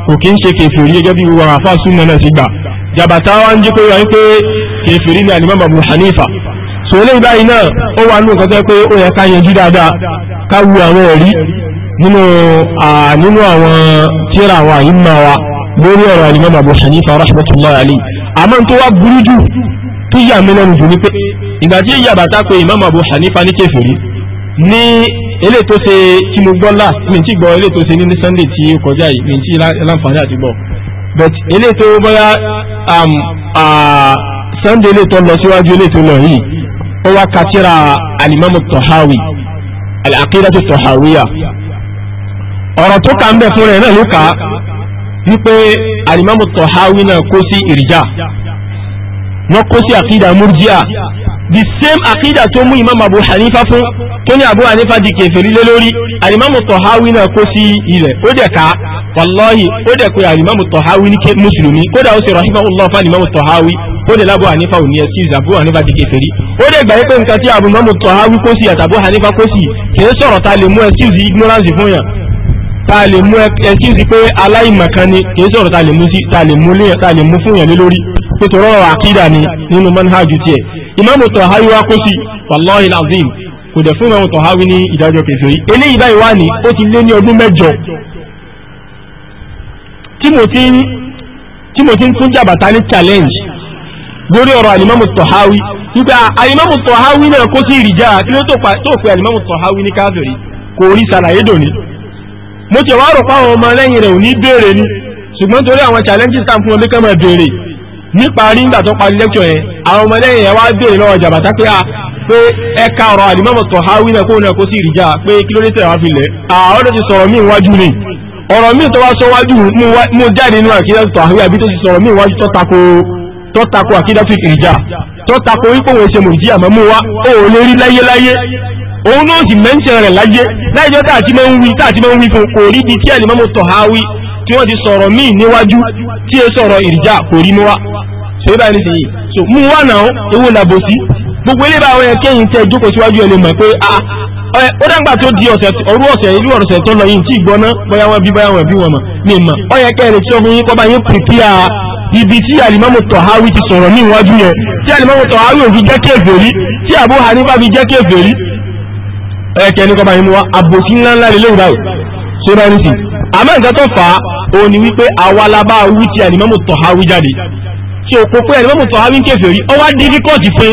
kò kí ń ṣe kèfèrí gẹ́gẹ́ bí gbogbo àwọn afáàsù náà ti gbà jàbàtà wa ń jẹ́ pé wọ́n pé kèfèrí ni alimam abu hanifa so eléyìí báyìí náà ó wà nínú nǹkan tó pé ó yẹ ká yanjú dáadáa ká wu àwọn ẹ̀rí nínú nínú àwọn tíra àwọn àyínmá wa lórí ọ̀rọ̀ alimam abu hanifa rahmatullahi alayhi àmọ́ tó wá burú jù tó yà mí lẹ́nu jù ni pé ìgbà tí ìyàbàtà pé imam abu hanifa ní kèfèrí ní ilé tó ṣe tí mo gbọ́ là mi ti gbọ́ ilé tó ṣe ní Sunday tí ó kọjá yìí mi ti láǹfààní àti gbọ́ but ilé tó bóyá um, Sunday ilé tó lọ síwájú ilé tó lọ yìí ó wá katira alimami tohawi, alakidatu tọ́háwìyà ọ̀rọ̀ tó kà ń bẹ̀ fún rẹ̀ náà ló kà á wípé alimami tọ́háwì náà kó sí ìrìjà wọ́n kó sí àkídà múrjíà the same akida tó mú imam abu hanifa fún tó ní abu hanifa di kèfèrí lé lórí alimamu tọ̀háwí náà kó sí ilẹ̀ ó dẹ̀ ká wàlọ́hì ó dẹ̀ pé alimamu tọ̀háwí ní mùsùlùmí kódà ó sì rahimahullah fún alimamu tọ̀háwí ó dẹ̀ lábọ̀ hanifa ò ní ẹ̀ sí abu hanifa di kèfèrí ó dẹ̀ gbà pé nǹkan tí alimamu tọ̀háwí kó sí àtàbọ̀ hanifa kó sí kìí sọ̀rọ̀ ta lè mú excuse ignorance fún yàn ta lè mú excuse pé aláìmọ̀kan ni kìí sọ̀rọ̀ ta lè mú fún yàn lé lórí tó tọrọ àkídà ni nínú manhaju tiẹ̀ ìmáàmù tọ̀háwí wá kó sí wàláhì lazim kò dẹ̀ fún ìmáàmù tọ̀háwí ní ìdájọ́ kèfèrí eléyìí báyìí wá ní ó ti lé ní ọdún mẹ́jọ tí tún jàbàtà ní challenge lórí ọ̀rọ̀ àlìmáàmù tọ̀háwí nígbà àlìmáàmù tọ̀háwí náà kó sí ìrìjà kí ló tó pe àlìmáàmù tọ̀háwí ní káfíìrì kò rí sàlàyé dòní mo ti wá rò pé ọmọ lẹ́yìn rẹ̀ ò ní béèrè ni ṣùgbọ́n torí àwọn challenges tá à ń fún wọn níparí ńgbà tó parí lẹ́kṣọ̀ yẹn àwọn ọmọlẹ́yìn ẹ̀ wá béèrè lọ́wọ́ jàbàtà pé a ah, pé ẹ̀ka ọ̀rọ̀ àdìmọ́mọ̀ tọ̀ háwí náà kóun náà kó sì ìrìjà pé kí ló dé tẹ̀ wá filẹ̀ ah, àwọn ló ti sọ̀rọ̀ míì wájú ni ọ̀rọ̀ míì tó wá sọ wájú mú jáde nínú àkídá tọ̀ háwí àbí tó ti sọ̀rọ̀ míì wájú tó tako tó tako àkídá tó ìrìjà tó tako wípé òun ṣe mùrìjì àmọ́ mú wa ó lè rí láyé láyé òun náà sì mẹ́ńṣẹ̀ rẹ̀ láyé láyé tó tí wọ́n ti sọ̀rọ̀ míì níwájú tí e sọ̀rọ̀ ìrìjà kò rí níwá so ibà ní sèyí so mú wà náà ewu làbò sí gbogbo ilé bá àwọn ẹ̀kẹ́ yìí tẹ jókòó síwájú ẹ̀ lè mọ̀ pé a ah, ó dàgbà tó di ọ̀sẹ̀ ọrú ọ̀sẹ̀ irú ọ̀sẹ̀ tó lọ yìí tí ìgbọ́n náà bóyá wọn bí bóyá wọn bí wọn mọ̀ mi mọ̀ ọ yẹ kẹ́ ẹ̀ lè tí ọkùnrin kọ́ bá yín pìpìà ibi tí alimami tọ̀háwí ti sọ̀rọ̀ ní iwájú yẹn tí alimami tọ̀háwí ò àmọ́ nǹkan tó fà á òun ni wípé àwa la bá wí ti àlìmọ́mù tọ̀háwí jáde tí ò kó pé àlìmọ́mù tọ̀háwí ń kẹfẹ́ rí ọwá dífíkọ́ọ̀tì fún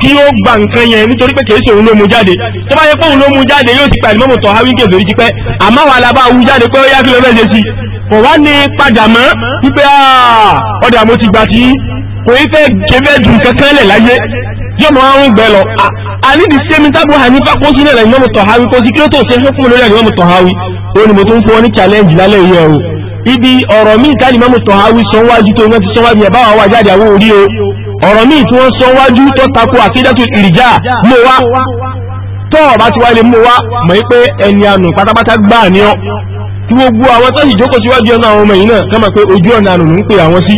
kí ó gba nǹkan yẹn nítorí pé kèéṣe òun ló mu jáde tó bá yẹ pé òun ló mu jáde yóò ti pa àlìmọ́mù tọ̀háwí ń kẹfẹ́ rí ti pẹ́ àmọ́ àwa la bá wí jáde pé ó yá kí ló fẹ́ ṣe sí kò wá ní padà mọ́ wípé ọ̀dà mo ti gbà tí kò í fẹ́ kẹfẹ́ ju nǹkan kan ó ní mo tún fún ọ ní challenge lálẹ́ yìí ẹ̀ o ibi ọ̀rọ̀ míì káàlì mọ́mù tọ̀ áwí sanwájú tó wọ́n ti sanwájú ẹ̀ báwa wá jáde àwọn orí o ọ̀rọ̀ míì tí wọ́n sanwájú tó tako àkídàtù ìrìjà mú wa tọ́ ọ̀bá ti wá lè mú wa mọ̀ pé ẹni ànù pátápátá gbà ní ọ tí gbogbo àwọn tó sì jókòó síwájú ọ̀nà àwọn ọmọ yìí náà kọ́mọ̀ pé ojú ọ̀nà ànù ń pè àwọn sí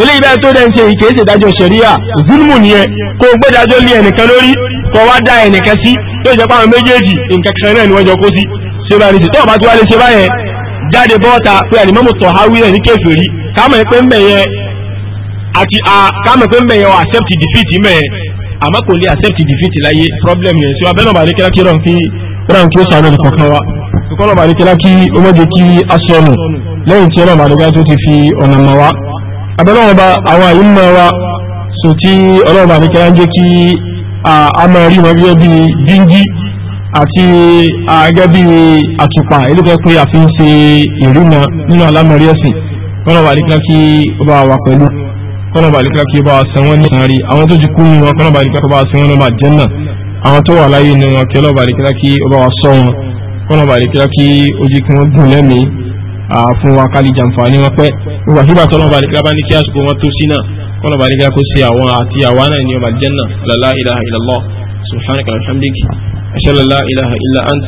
ilé ibẹ̀ tó dẹ̀ ń ṣe ìkéèsè ìdájọ́ ṣẹ̀ríà zulmù nìyẹn kó o gbẹ́dájọ́ lé ẹnìkan lórí kó wá dá ẹnìkan sí tó ìjọba àwọn méjèèjì nǹkan kan náà ni wọ́n jọ kó sí ṣé bá ní sí tọ́ọ̀ bá ti wá lè ṣe báyẹn jáde bọ́ọ̀ta pé àlìmọ́mù tọ̀ háwí rẹ̀ ní kèfèrí kámọ̀ pé ń bẹ̀yẹn àti a kámọ̀ pé ń bẹ̀yẹn o accept defeat mẹ́ẹ̀ àmọ́ kò lè accept defeat láyé problem yẹn sí abẹ́nà bàálé kíláàkì rọ̀ fi ràn kí ó sànú ní kọ̀ọ̀kan wa ìkọ́nà bàálé kíláàkì ó mọ́jẹ kí a lẹ́yìn tí ọlọ́mà àdúgbà tó ti fi ọ̀nà mọ̀ wá abẹ́nà ọba àwọn àyè mọ̀ wa sọ tí ọlọ́mà àdúgbà ń jẹ́ kí a máa rí àti àgẹ́ bí àtùpà eléfẹ́ pé a fi ń ṣe ìrìnà nínú alámọ̀rí ẹ̀sìn kọ́nà bàlíkà kí ó bá wà pẹ̀lú kọ́nà bàlíkà kí ó bá san wọ́n ní ìsanrí àwọn tó ti kú nínú wọn kọ́nà bàlíkà kí ó bá san wọ́n ní àlùjánnà àwọn tó wà láyé nínú wọn kí ọlọ́ba àlíkà kí ó bá wà sọ wọn kọ́nà bàlíkà kí ó jí kí wọ́n gùn lẹ́mìí fún wa kálí jàǹfààní ní wọn tó sí náà سبحانك وبحمدك أشهد أن لا إله إلا أنت